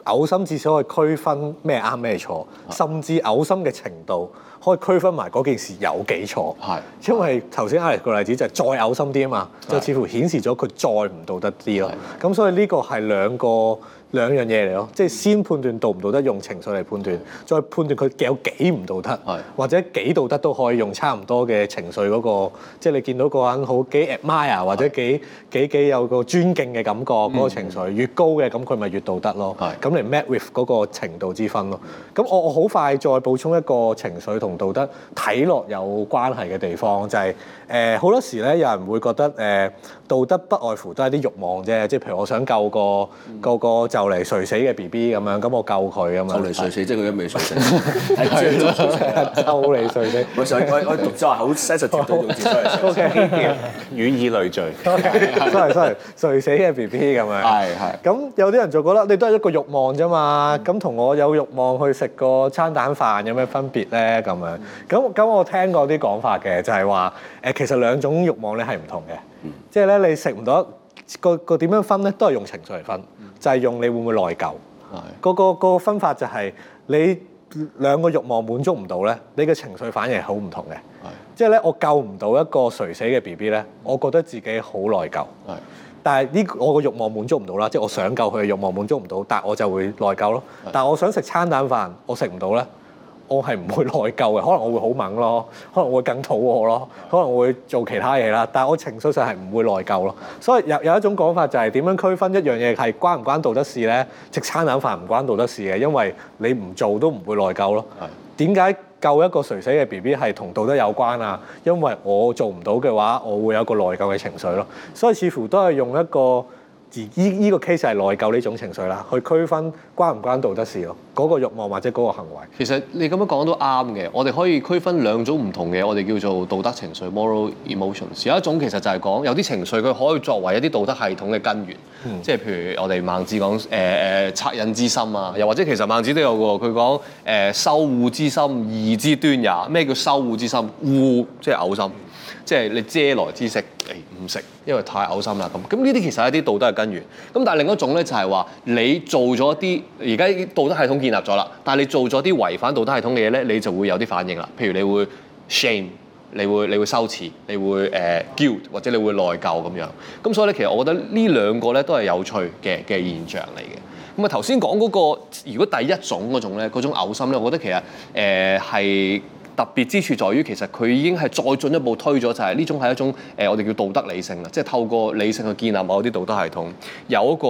[SPEAKER 1] 嘔心至少可以區分咩啱咩錯，是甚至嘔心嘅程度可以區分埋嗰件事有幾錯。係是，因為頭先 Alex 個例子就係再嘔心啲啊嘛，是就似乎顯示咗佢再唔道德啲咯。咁是所以呢個係兩個。兩樣嘢嚟咯，即係先判斷道唔道德，用情緒嚟判斷，再判斷佢有幾唔道德，是或者幾道德都可以用差唔多嘅情緒嗰個，即係你見到個人好幾 admire 是或者幾幾幾有個尊敬嘅感覺嗰個情緒越高嘅，咁佢咪越道德咯。咁是你 met with 嗰個程度之分咯。咁我我好快再補充一個情緒同道德睇落有關係嘅地方，就係誒好多時咧，有人會覺得誒。呃道德不外乎都係啲慾望啫，即係譬如我想救個個個就嚟垂死嘅 B B 咁樣，咁我救佢
[SPEAKER 5] 咁樣。就嚟垂死，即係佢一未垂死。係專做垂死嘅。
[SPEAKER 2] 就嚟垂死。我上我我再話好 sensitive 到
[SPEAKER 5] 以接傷人先。sorry
[SPEAKER 2] sorry，係
[SPEAKER 1] 垂死嘅 B B 咁樣。係係。咁有啲人就覺得你都係一個慾望啫嘛，咁同我有慾望去食個餐蛋飯有咩分別咧？咁樣。咁咁我聽過啲講法嘅，就係話誒其實兩種慾望咧係唔同嘅。嗯、即係咧，你食唔到個個，點樣分咧，都係用情緒嚟分，嗯、就係用你會唔會內疚。係嗰是的 個個，個分法就係你兩個欲望滿足唔到咧，你嘅情緒反應係好唔同嘅。是的 即係咧，我救唔到一個垂死嘅 B B 咧，我覺得自己好內疚。係是的、這個，但係呢我個欲望滿足唔到啦，即係我想救佢嘅欲望滿足唔到，但係我就會內疚咯。是的 但係我想食餐蛋飯，我食唔到咧。我係唔會內疚嘅，可能我會好猛咯，可能我會更肚餓咯，可能我會做其他嘢啦。但係我情緒上係唔會內疚咯。所以有有一種講法就係、是、點樣區分一樣嘢係關唔關道德事呢？食餐冷飯唔關道德事嘅，因為你唔做都唔會內疚咯。點解是救一個垂死嘅 B B 係同道德有關啊？因為我做唔到嘅話，我會有一個內疚嘅情緒咯。所以似乎都係用一個。呢依個 case 係內疚呢種情緒啦，去區分關唔關道德事咯，嗰、嗰
[SPEAKER 3] 個慾望或者嗰個行為。其實你咁樣講都啱嘅，我哋可以區分兩種唔同嘅，我哋叫做道德情緒 （moral emotions）。Mor em ions, 有一種其實就係講有啲情緒佢可以作為一啲道德系統嘅根源，嗯、即係譬如我哋孟子講誒誒惻隱之心啊，又或者其實孟子都有個佢講誒羞惡之心，義之端也。咩叫羞惡之心？惡即係嘔心。即係你嗟來之食，你唔食，因為太嘔心啦咁。咁呢啲其實係一啲道德嘅根源。咁但係另一種咧就係、是、話你做咗啲而家道德系統建立咗啦，但係你做咗啲違反道德系統嘅嘢咧，你就會有啲反應啦。譬如你會 shame，你會你會羞恥，你會誒、uh, guilt 或者你會內疚咁樣。咁所以咧，其實我覺得兩呢兩個咧都係有趣嘅嘅現象嚟嘅。咁啊頭先講嗰個，如果第一種嗰種咧嗰種嘔心咧，我覺得其實誒係。呃特別之處在於，其實佢已經係再進一步推咗，就係呢種係一種誒、呃，我哋叫道德理性啦，即係透過理性去建立某啲道德系統，有一個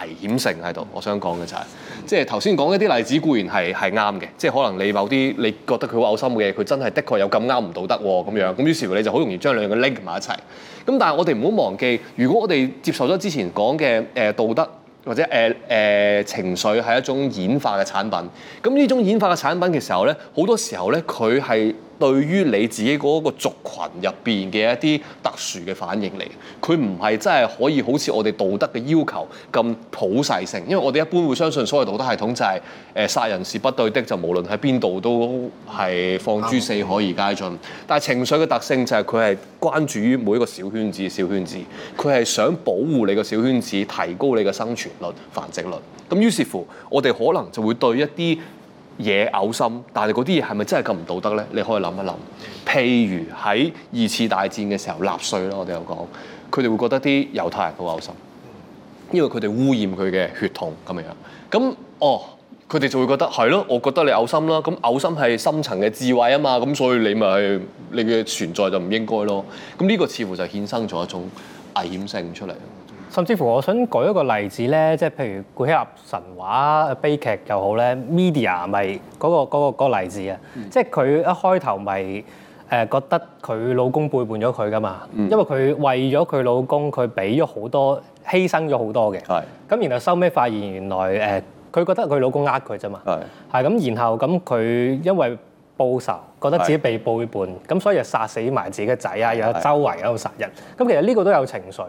[SPEAKER 3] 危險性喺度。我想講嘅就係、是，即係頭先講一啲例子，固然係係啱嘅，即係可能你某啲你覺得佢好嘔心嘅嘢，佢真係的確有咁啱唔道德喎咁樣咁，於是乎你就好容易將兩樣嘅 link 埋一齊。咁但係我哋唔好忘記，如果我哋接受咗之前講嘅誒道德。或者誒誒、呃呃、情緒係一種演化嘅產品，咁呢種演化嘅產品嘅時候咧，好多時候呢，佢係對於你自己嗰個族群入邊嘅一啲特殊嘅反應嚟，佢唔係真係可以好似我哋道德嘅要求咁普世性。因為我哋一般會相信所謂道德系統就係誒，殺人是不對的，就無論喺邊度都係放諸四海而皆準。但係情緒嘅特性就係佢係關注於每一個小圈子、小圈子，佢係想保護你個小圈子，提高你嘅生存率、繁殖率。咁於是乎，我哋可能就會對一啲嘢嘔心，但係嗰啲嘢係咪真係咁唔道德呢？你可以諗一諗。譬如喺二次大戰嘅時候，納粹啦，我哋有講，佢哋會覺得啲猶太人好嘔心，因為佢哋污染佢嘅血統咁樣。咁哦，佢哋就會覺得係咯，我覺得你嘔心啦。咁嘔心係深層嘅智慧啊嘛，咁所以你咪、就是、你嘅存在就唔應該咯。咁呢個似乎就衍生咗一種危險性出嚟。甚
[SPEAKER 4] 至乎，我想舉一個例子咧，即係譬如古希臘神話悲劇又好咧，Media 咪嗰個嗰個嗰個例子啊，嗯、即係佢一開頭咪誒覺得佢老公背叛咗佢噶嘛，嗯、因為佢為咗佢老公，佢俾咗好多犧牲咗好多嘅，咁是然後收尾發現原來誒佢覺得佢老公呃佢啫嘛，係咁是，然後咁佢因為報仇，覺得自己被背叛，咁是所以就殺死埋自己嘅仔啊，是又周圍喺度殺人，咁是其實呢個都有情緒喎。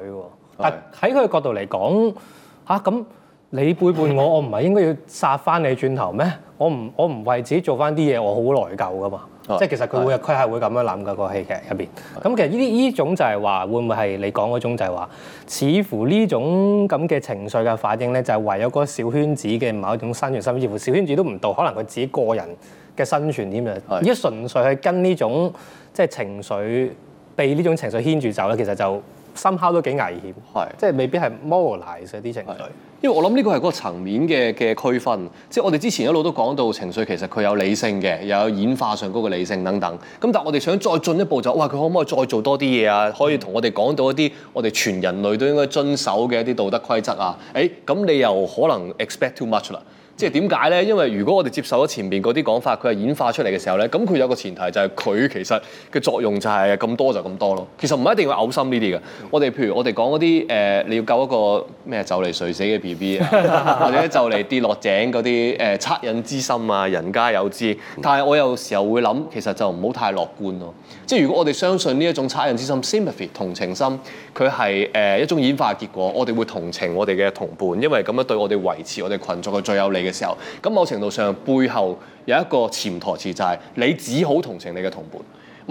[SPEAKER 4] 但喺佢嘅角度嚟講，嚇、啊、咁你背叛我，我唔係應該要殺翻你轉頭咩？我唔我唔為自己做翻啲嘢，我好內疚噶嘛。啊、即係其實佢會，佢係的會咁樣諗嘅，嗰個戲劇入邊。咁的其實呢啲呢種就係話，會唔會係你講嗰種就係話，似乎呢種咁嘅情緒嘅反應咧，就係為咗嗰小圈子嘅某一種生存，甚至乎小圈子都唔到，可能佢自己個人嘅生存添啊。而家的純粹係跟呢種即係情緒，被呢種情緒牽住走咧，其實就。深拷都幾危險，係的即係未必係 moralize 啲情緒。
[SPEAKER 3] 因為我諗呢個係嗰個層面嘅嘅區分，即係我哋之前一路都講到情緒其實佢有理性嘅，又有演化上高嘅理性等等。咁但係我哋想再進一步就，哇佢可唔可以再做多啲嘢啊？可以同我哋講到一啲我哋全人類都應該遵守嘅一啲道德規則啊？誒、哎、咁你又可能 expect too much 啦。即係點解咧？因為如果我哋接受咗前面嗰啲講法，佢係演化出嚟嘅時候咧，咁佢有個前提就係佢其實嘅作用就係咁多就咁多咯。其實唔一定會嘔心呢啲嘅。我哋譬如我哋講嗰啲誒，你要救一個咩就嚟垂死嘅 B B 啊，或者就嚟跌落井嗰啲誒，惻、呃、隱之心啊，人皆有之。但係我有時候會諗，其實就唔好太樂觀咯。即係如果我哋相信呢一種惻隱之心 （sympathy）、Sympathy，同情心，佢係誒一種演化嘅結果，我哋會同情我哋嘅同伴，因為咁樣對我哋維持我哋群族嘅最有利嘅。嘅時候，咁某程度上背後有一個潛台詞就係、是、你只好同情你嘅同伴，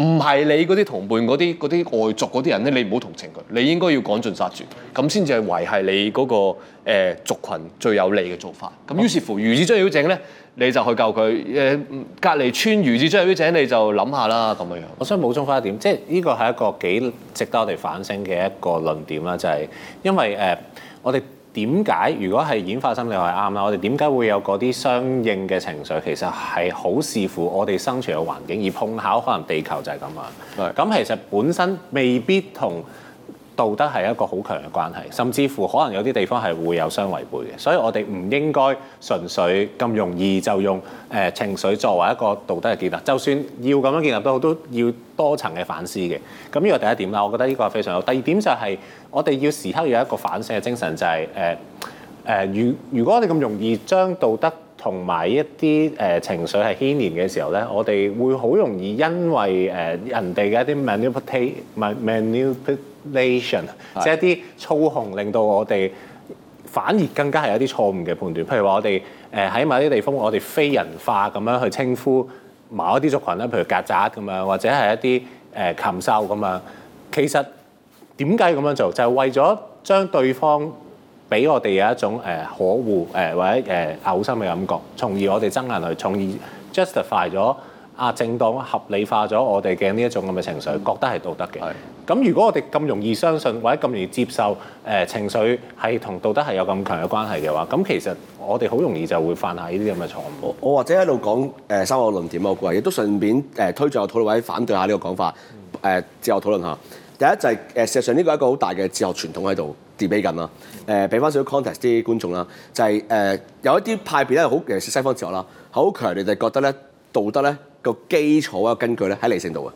[SPEAKER 3] 唔係你嗰啲同伴嗰啲啲外族嗰啲人咧，你唔好同情佢，你應該要趕盡殺絕，咁先至係維係你嗰、那個、呃、族群最有利嘅做法。咁於是乎，哦、如子醬小姐咧，
[SPEAKER 5] 你就去救佢；誒、呃、隔離村如子醬小姐，你就諗下啦，咁樣樣。我想補充翻一點，即係呢個係一個幾值得我哋反省嘅一個論點啦，就係、是、因為誒、呃、我哋。點解如果係演化心理學係啱啦？我哋點解會有嗰啲相應嘅情緒？其實係好視乎我哋生存嘅環境，而碰巧可能地球就係咁樣。咁對其實本身未必同道德係一個好強嘅關係，甚至乎可能有啲地方係會有相違背嘅，所以我哋唔應該純粹咁容易就用誒、呃、情緒作為一個道德嘅建立，就算要咁樣建立都好，都要多層嘅反思嘅。咁呢個第一點啦，我覺得呢個係非常好。第二點就係我哋要時刻要有一個反省嘅精神，就係誒誒，如如果你咁容易將道德同埋一啲誒、呃、情緒係牽連嘅時候咧，我哋會好容易因為誒、呃、人哋嘅一啲 manipulate 唔係 manipulation 是的 即係一啲操控，令到我哋反而更加係一啲錯誤嘅判斷。譬如話我哋誒喺某啲地方，我哋非人化咁樣去稱呼某一啲族群咧，譬如曱甴咁樣，或者係一啲誒禽獸咁樣。其實點解咁樣做，就係、是、為咗將對方。俾我哋有一種誒可惡誒或者誒嘔心嘅感覺，從而我哋憎恨佢，從而 justify 咗啊正當合理化咗我哋嘅呢一種咁嘅情緒，覺得係道德嘅。咁、嗯、如果我哋咁容易相信或者咁容易接受誒、呃、情緒
[SPEAKER 2] 係同道德係有咁強嘅關係嘅話，咁其實我哋好容易就會犯下呢啲咁嘅錯誤，我。我或者一路講誒、呃、三個論點，我估係亦都順便誒、呃、推進我討論位，或者反對下呢個講法誒、呃、之後我討論下。第一就係誒，事實上呢、這個一個好大嘅哲學傳統喺度 debate 緊啦。誒，俾翻少少 context 啲觀眾啦，就係、是、誒、呃、有一啲派別咧，好誒西方哲學啦，好強烈地覺得咧道德咧個基礎啊根據咧喺理性度啊，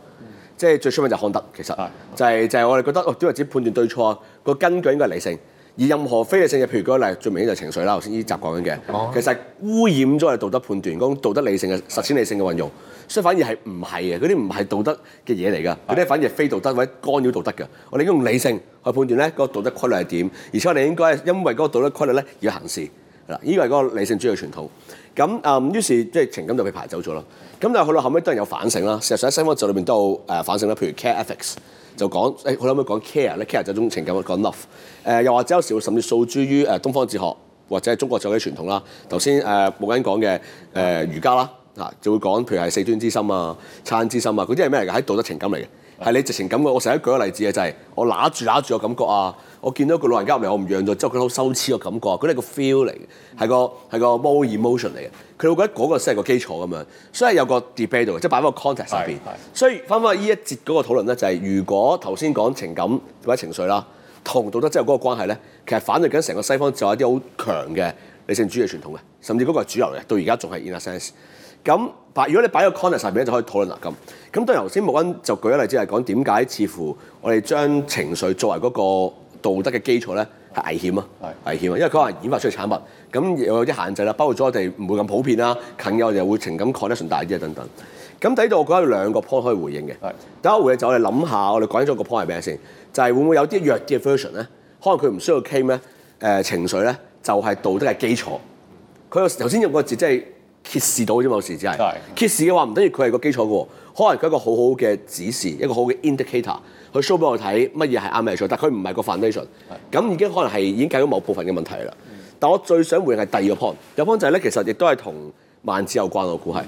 [SPEAKER 2] 即係最出名就康德，其實就係、是、就係、是、我哋覺得哦，只可以判斷對錯個根據應該係理性，而任何非理性嘅，譬如舉、那個例，最明顯就情緒啦，頭先呢集講緊嘅，其實污染咗我哋道德判斷，講道德理性嘅實踐理性嘅運用。所以反而係唔係嘅，嗰啲唔係道德嘅嘢嚟㗎，嗰啲反而係非道德或者干擾道德嘅。我哋應該用理性去判斷咧，個道德規律係點，而且我哋應該因為嗰個道德規律咧而行事。嗱，依個係嗰個理性主義傳統。咁啊、嗯，於是即係情感就被排走咗咯。咁但係去到後尾，當然有反省啦。即係喺西方哲學裏邊都有誒反省啦。譬如 care ethics 就講誒，可、欸、唔可以講 care 咧？care 就一種情感，講 love。誒、呃、又或者有時甚至訴諸於誒東方哲學或者係中國傳統、呃呃、啦。頭先誒沐恩講嘅誒儒家啦。啊，就會講，譬如係四端之心啊、惻之心啊，嗰啲係咩嚟嘅？喺道德情感嚟嘅，係你直情感覺。我成日都舉個例子嘅、就係，就係我揦住揦住個感覺啊，我見到個老人家入嚟，我唔讓咗之後，佢好羞恥個感覺啊，嗰啲係個 feel 嚟嘅，係個係個 moral emotion 嚟嘅。佢會覺得嗰個先係個基礎咁樣，所以有個 debate 到，即係擺喺個 context 入邊。所以翻返去呢一節嗰個討論咧，就係、係、如果頭先講情感或者情緒啦、啊，同道德即係嗰個關係咧，其實反映緊成個西方就有一啲好強嘅理性主義傳統嘅，甚至嗰個係主流嘅，到而家仲係 in a sense。咁擺如果你擺一個 context 上面咧，就可以討論啦。咁咁都頭先沐恩就舉咗例子係講點解似乎我哋將情緒作為嗰個道德嘅基礎咧，係危險啊，是危險啊，因為佢話演化出嚟產物，咁有啲限制啦，包括咗我哋唔會咁普遍啦，近嘅我哋又會情感 connection 大啲啊等等。咁第一度我覺得有兩個 point 可以回應嘅。第是一個回應，就我哋諗下，我哋講咗個 point 係咩先，就係、是、會唔會有啲弱啲嘅 version 咧？可能佢唔需要 claim 咧、呃，誒情緒咧就係、是、道德嘅基礎。佢頭先用個字即係。揭示到啫，有時。只係對揭示嘅話，唔等於佢係個基礎嘅喎，可能佢一個好好嘅指示，一個好嘅 indicator，佢 show 俾我睇乜嘢係啱嘅，係錯，但佢唔係個 foundation，咁對已經可能係已經解咗某部分嘅問題啦。但我最想回應係第二個 point，有 point 就係、是、咧，其實亦都係同萬子有關我估係，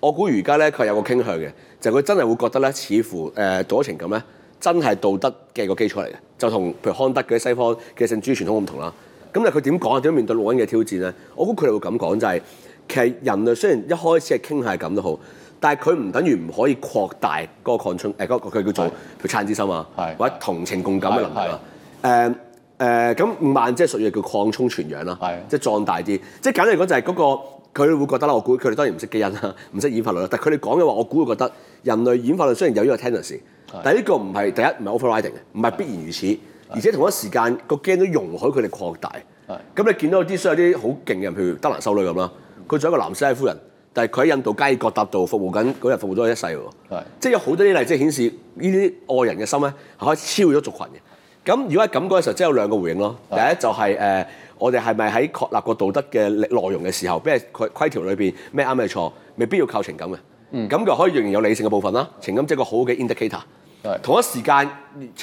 [SPEAKER 2] 我估而家咧佢有個傾向嘅，就佢、是、真係會覺得咧，似乎誒、呃、道，道德情感咧，真係道德嘅個基礎嚟嘅，就同譬如康德嘅西方嘅理性主義傳統唔同啦。咁但係佢點講啊？點面對沐恩嘅挑戰咧？我估佢哋會咁講就係、是。其實人類雖然一開始係傾向係咁都好，但係佢唔等於唔可以擴大嗰個擴充誒，嗰個佢叫做佢撐之心啊，或者同情共感嘅能力啊。誒誒是，咁五萬即係屬於叫擴充傳揚啦是，即係壯大啲。即係簡單嚟講，就係嗰個佢會覺得啦。我估佢哋當然唔識基因啦，唔識演化論。但係佢哋講嘅話，我估會覺得人類演化論雖然有呢個 tendency，但係呢個唔係第一唔係 overriding 嘅，唔係必然如此。是是而且同一時間個 gene 都容許佢哋擴大。咁你見到啲雖有啲好勁嘅，譬如，如德蘭修女咁啦。佢做一個南斯拉夫人，但係佢喺印度加爾各答嗰度服務緊嗰日服務咗一世喎，的即係有好多啲例子顯示呢啲愛人嘅心咧係可以超越咗族群嘅。咁如果喺咁嗰陣時候，即係有兩個回應咯。第一就係、是、誒的、呃，我哋係咪喺確立個道德嘅內容嘅時候，畀佢規規條裏邊咩啱咩錯，未必要靠情感嘅。嗯，咁就可以仍然有理性嘅部分啦。情感即係個好嘅 indicator。的同一時間，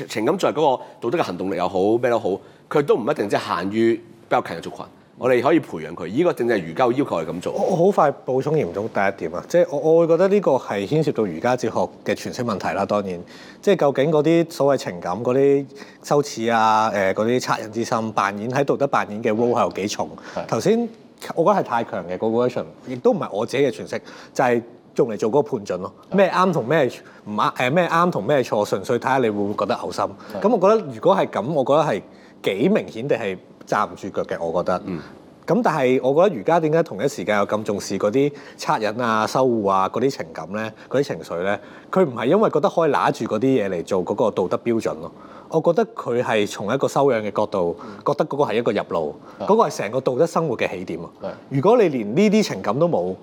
[SPEAKER 2] 情感作為嗰個道德嘅行動力又好，咩都好，佢都唔一定即係限於比較近嘅族群。我哋可以培養佢，呢個正正儒家要求係咁做。
[SPEAKER 1] 我好快補充嚴重第一點啊，即係我我會覺得呢個係牽涉到儒家哲學嘅詮釋問題啦。當然，即係究竟嗰啲所謂情感、嗰啲羞恥啊、誒嗰啲惻隱之心、扮演喺道德扮演嘅 weight 係有幾重？頭先的我覺得係太強嘅，個 position 亦都唔係我自己嘅詮釋，就係、是、用嚟做嗰個判準咯。咩啱同咩唔啱？誒咩啱同咩錯？純粹睇下你會唔會覺得嘔心。咁的我覺得如果係咁，我覺得係。幾明顯地係站唔住腳嘅，我覺得。咁、嗯、但係我覺得儒家點解同一時間又咁重視嗰啲惻隱啊、羞惡啊嗰啲情感咧、嗰啲情緒咧？佢唔係因為覺得可以揦住嗰啲嘢嚟做嗰個道德標準咯、啊。我覺得佢係從一個修養嘅角度，嗯、覺得嗰個係一個入路，嗰是的 個係成個道德生活嘅起點、啊。是的 如果你連呢啲情感都冇，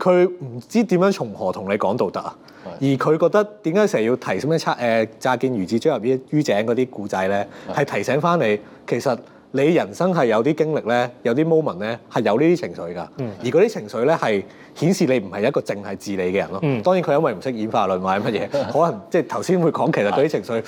[SPEAKER 1] 佢唔知點樣從何同你講道德啊，而佢覺得點解成日要提醒咩測誒、呃、乍見孺子將入於井嗰啲古仔咧，係提醒翻你，其實你人生係有啲經歷咧，有啲 moment 咧係有呢啲情緒㗎。而嗰啲情緒咧係顯示你唔係一個淨係自利嘅人咯。當然佢因為唔識演化論或者乜嘢，可能即係頭先會講，其實嗰啲情緒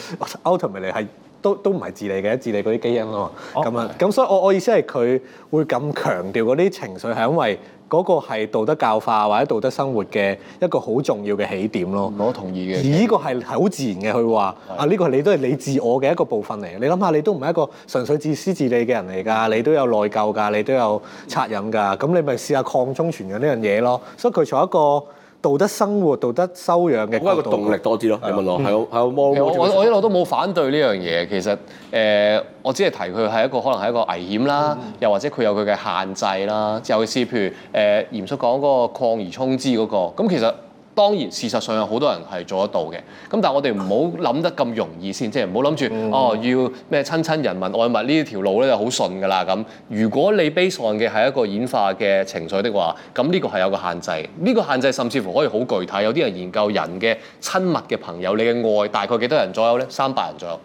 [SPEAKER 1] ultimately 唔係嚟係都都唔係自利嘅，自利嗰啲基因咯。咁啊，咁所以我我意思係佢會咁強調嗰啲情緒係因為，嗰個係道德教化或者道德生活嘅一個好重要嘅起點咯，我同意嘅。呢個係好自然嘅，佢話是的 啊，呢個你都係你自我嘅一個部分嚟。你諗下，你都唔係一個純粹自私自利嘅人嚟㗎，你都有內疚㗎，你都有惻隱㗎。咁你咪試下擴充存養呢樣嘢咯。所以佢從一個道德生活、道德修養嘅，都係個動力多
[SPEAKER 2] 啲
[SPEAKER 3] 咯。的
[SPEAKER 1] 你問我，
[SPEAKER 3] 係我係我。我我一路都冇反對呢樣嘢，其實誒、呃，我只係提佢係一個可能係一個危險啦，又或者佢有佢嘅限制啦。即係好似譬如誒、呃，嚴肅講嗰個擴而充之嗰個，咁其實。當然，事實上有好多人係做得到嘅。咁但係我哋唔好諗得咁容易先，即係唔好諗住哦要咩親親仁民、仁民愛物呢條路咧，就好順㗎啦。咁如果你 base on 嘅係一個演化嘅情緒的話，咁呢個係有個限制。呢、呢個限制甚至乎可以好具體。有啲人研究人嘅親密嘅朋友，你嘅愛大概幾多人左右呢？三百人左右。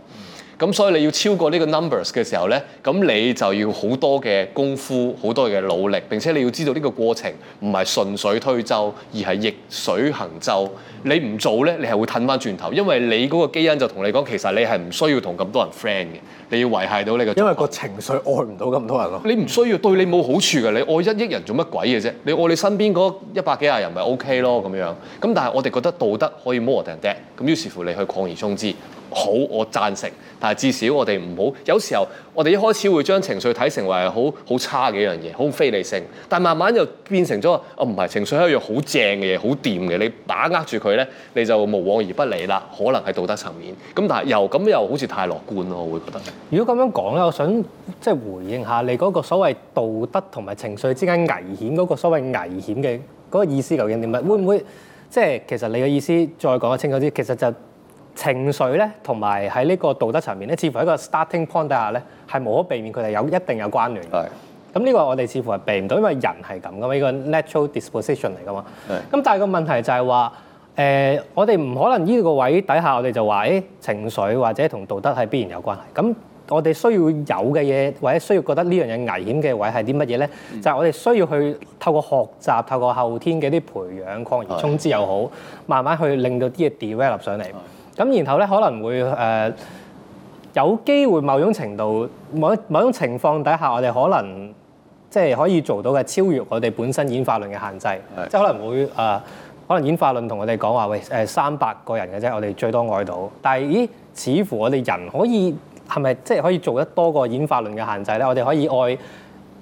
[SPEAKER 3] 咁所以你要超過呢個 numbers 嘅時候呢，咁你就要好多嘅功夫，好多嘅努力，並且你要知道呢個過程唔係順水推舟，而係逆水行舟。你唔做呢，你係會褪翻轉頭，因為你嗰個基因就同你講，其實你係唔需要同咁多人 friend 嘅，你要維繫到呢個。因
[SPEAKER 1] 為個情緒愛唔
[SPEAKER 3] 到咁多人咯。你唔需要，對你冇好處嘅。你愛一億人做乜鬼嘅啫？你愛你身邊嗰一百幾廿人咪 OK 咯咁樣。咁但係我哋覺得道德可以 more than that，咁於是乎你去擴而充之。好，我贊成，但係至少我哋唔好有時候，我哋一開始會將情緒睇成為好好差嘅一樣嘢，好非理性。但慢慢又變成咗啊，唔係情緒係一樣好正嘅嘢，好掂嘅。你把握住佢咧，你就無往而不利啦。可能係道德層
[SPEAKER 5] 面
[SPEAKER 4] 咁，但係又咁又好似太樂觀咯，我會覺得。如果咁樣講咧，我想即係回應下你嗰個所謂道德同埋情緒之間危險嗰個所謂危險嘅嗰個意思究竟點解？會唔會即係其實你嘅意思再講得清楚啲？其實就情緒咧，同埋喺呢個道德層面咧，似乎喺一個 starting point 底下咧，係無可避免佢哋有一定有關聯嘅。咁呢是 個我哋似乎係避唔到，因為人係咁噶嘛，呢個 natural disposition 嚟噶嘛。咁是 但係個問題就係、是、話，誒、呃、我哋唔可能呢個位底下，我哋就話誒情緒或者同道德係必然有關係。咁我哋需要有嘅嘢，或者需要覺得呢樣嘢危險嘅位係啲乜嘢咧？嗯、就係我哋需要去透過學習、透過後天嘅啲培養、擴而充之又好，慢慢去令到啲嘢 develop 上嚟。咁然後咧，可能會誒、呃、有機會某種程度，某某種情況底下，我哋可能即係可以做到嘅超越我哋本身演化論嘅限制，是的 即係可能會誒、呃、可能演化論同我哋講話，喂誒三百個人嘅啫，我哋最多愛到。但係咦，似乎我哋人可以係咪即係可以做得多過演化論嘅限制咧？我哋可以愛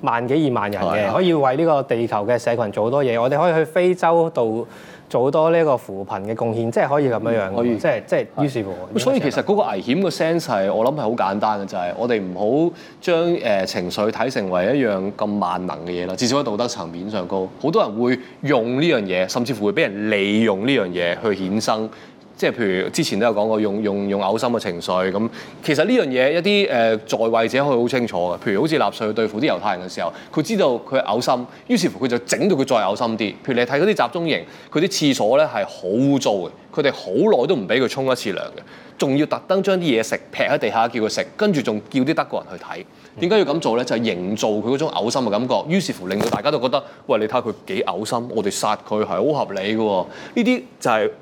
[SPEAKER 4] 萬幾二萬人嘅，是的 可以為呢個地球嘅社群做好多嘢。我哋可以去非洲度，做多呢個扶貧嘅貢獻，即係可以咁樣樣，嗯、可以即係即係於是乎。是是
[SPEAKER 3] 所以其實嗰個危險嘅 sense 我諗係好簡單嘅，就係、是、我哋唔好將誒情緒睇成為一樣咁萬能嘅嘢啦。至少喺道德層面上高，高好多人會用呢樣嘢，甚至乎會俾人利用呢樣嘢去衍生。即係譬如之前都有講過，用用用嘔心嘅情緒咁，其實呢樣嘢一啲誒、呃、在位者可以好清楚嘅。譬如好似納粹對付啲猶太人嘅時候，佢知道佢嘔心，於是乎佢就整到佢再嘔心啲。譬如你睇嗰啲集中營，佢啲廁所咧係好污糟嘅，佢哋好耐都唔俾佢沖一次涼嘅，仲要特登將啲嘢食劈喺地下叫佢食，跟住仲叫啲德國人去睇。點解要咁做咧？就係、是、營造佢嗰種嘔心嘅感覺，於是乎令到大家都覺得，喂，你睇下佢幾嘔心，我哋殺佢係好合理嘅。呢啲就係、是。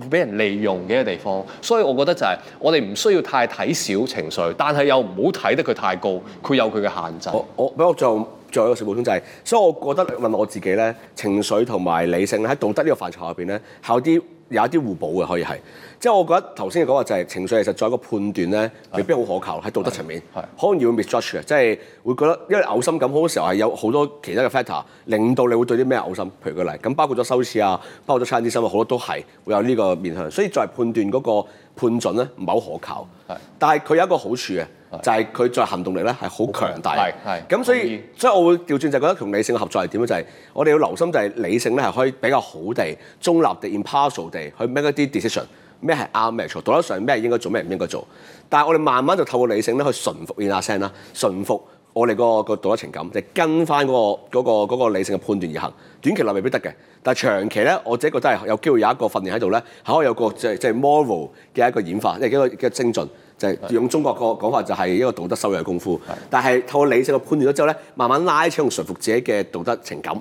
[SPEAKER 3] 會俾人利用嘅一個地方，所以我覺得
[SPEAKER 2] 就係、是、我哋唔需要太睇小情緒，但係又唔好睇得佢太高，佢有佢嘅限制。我我俾我再再一個小補充就係、是，所以我覺得問我自己咧，情緒同埋理性喺道德個範疇呢個範疇入邊咧，係有啲。有一啲互補嘅可以係，即係我覺得頭先你講話就係情緒其實在一個判斷咧，未必好可靠喺道德層面，可能要 misjudge 嘅，即係會覺得因為嘔心感好多時候係有好多其他嘅 factor，令到你會對啲咩嘔心，譬如個例咁，包括咗羞恥啊，包括咗差啲心啊，好多都係會有呢個面向，所以作為判斷嗰個。判準咧唔係好可靠，是但係佢有一個好處嘅，是就係佢在行動力咧係好強大，係，咁所以，意所以我會調轉就是、覺得同理性嘅合作係點咧？就係、是、我哋要留心就係理性咧係可以比較好地中立地 impartial 地去 make 一啲 decision，咩係啱咩錯，道德上咩應該做咩唔應該做，但係我哋慢慢就透過理性咧去馴服，in a sense 啦，馴服。我哋個個道德情感就係、係、跟翻嗰、嗰個嗰、嗰個嗰個、理性嘅判斷而行，短期內未必得嘅，但係長期咧，我自己覺得係有機會有一個訓練喺度咧，可以有個即係即係 moral 嘅一個演化，即係一個嘅精進，就係、係、用中國個講法就係一個道德修養嘅功夫。的但係透過理性嘅判斷咗之後咧，慢慢拉扯同馴服自己嘅道德情感，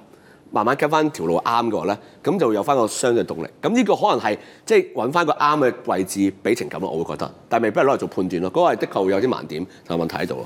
[SPEAKER 2] 慢慢跟翻條路啱嘅話咧，咁就有翻個相對動力。咁呢個可能係即係揾翻個啱嘅位置俾情感咯，我會覺得，但係未必攞嚟做判斷咯。嗰、嗰個係的確有啲盲點，但問題喺度。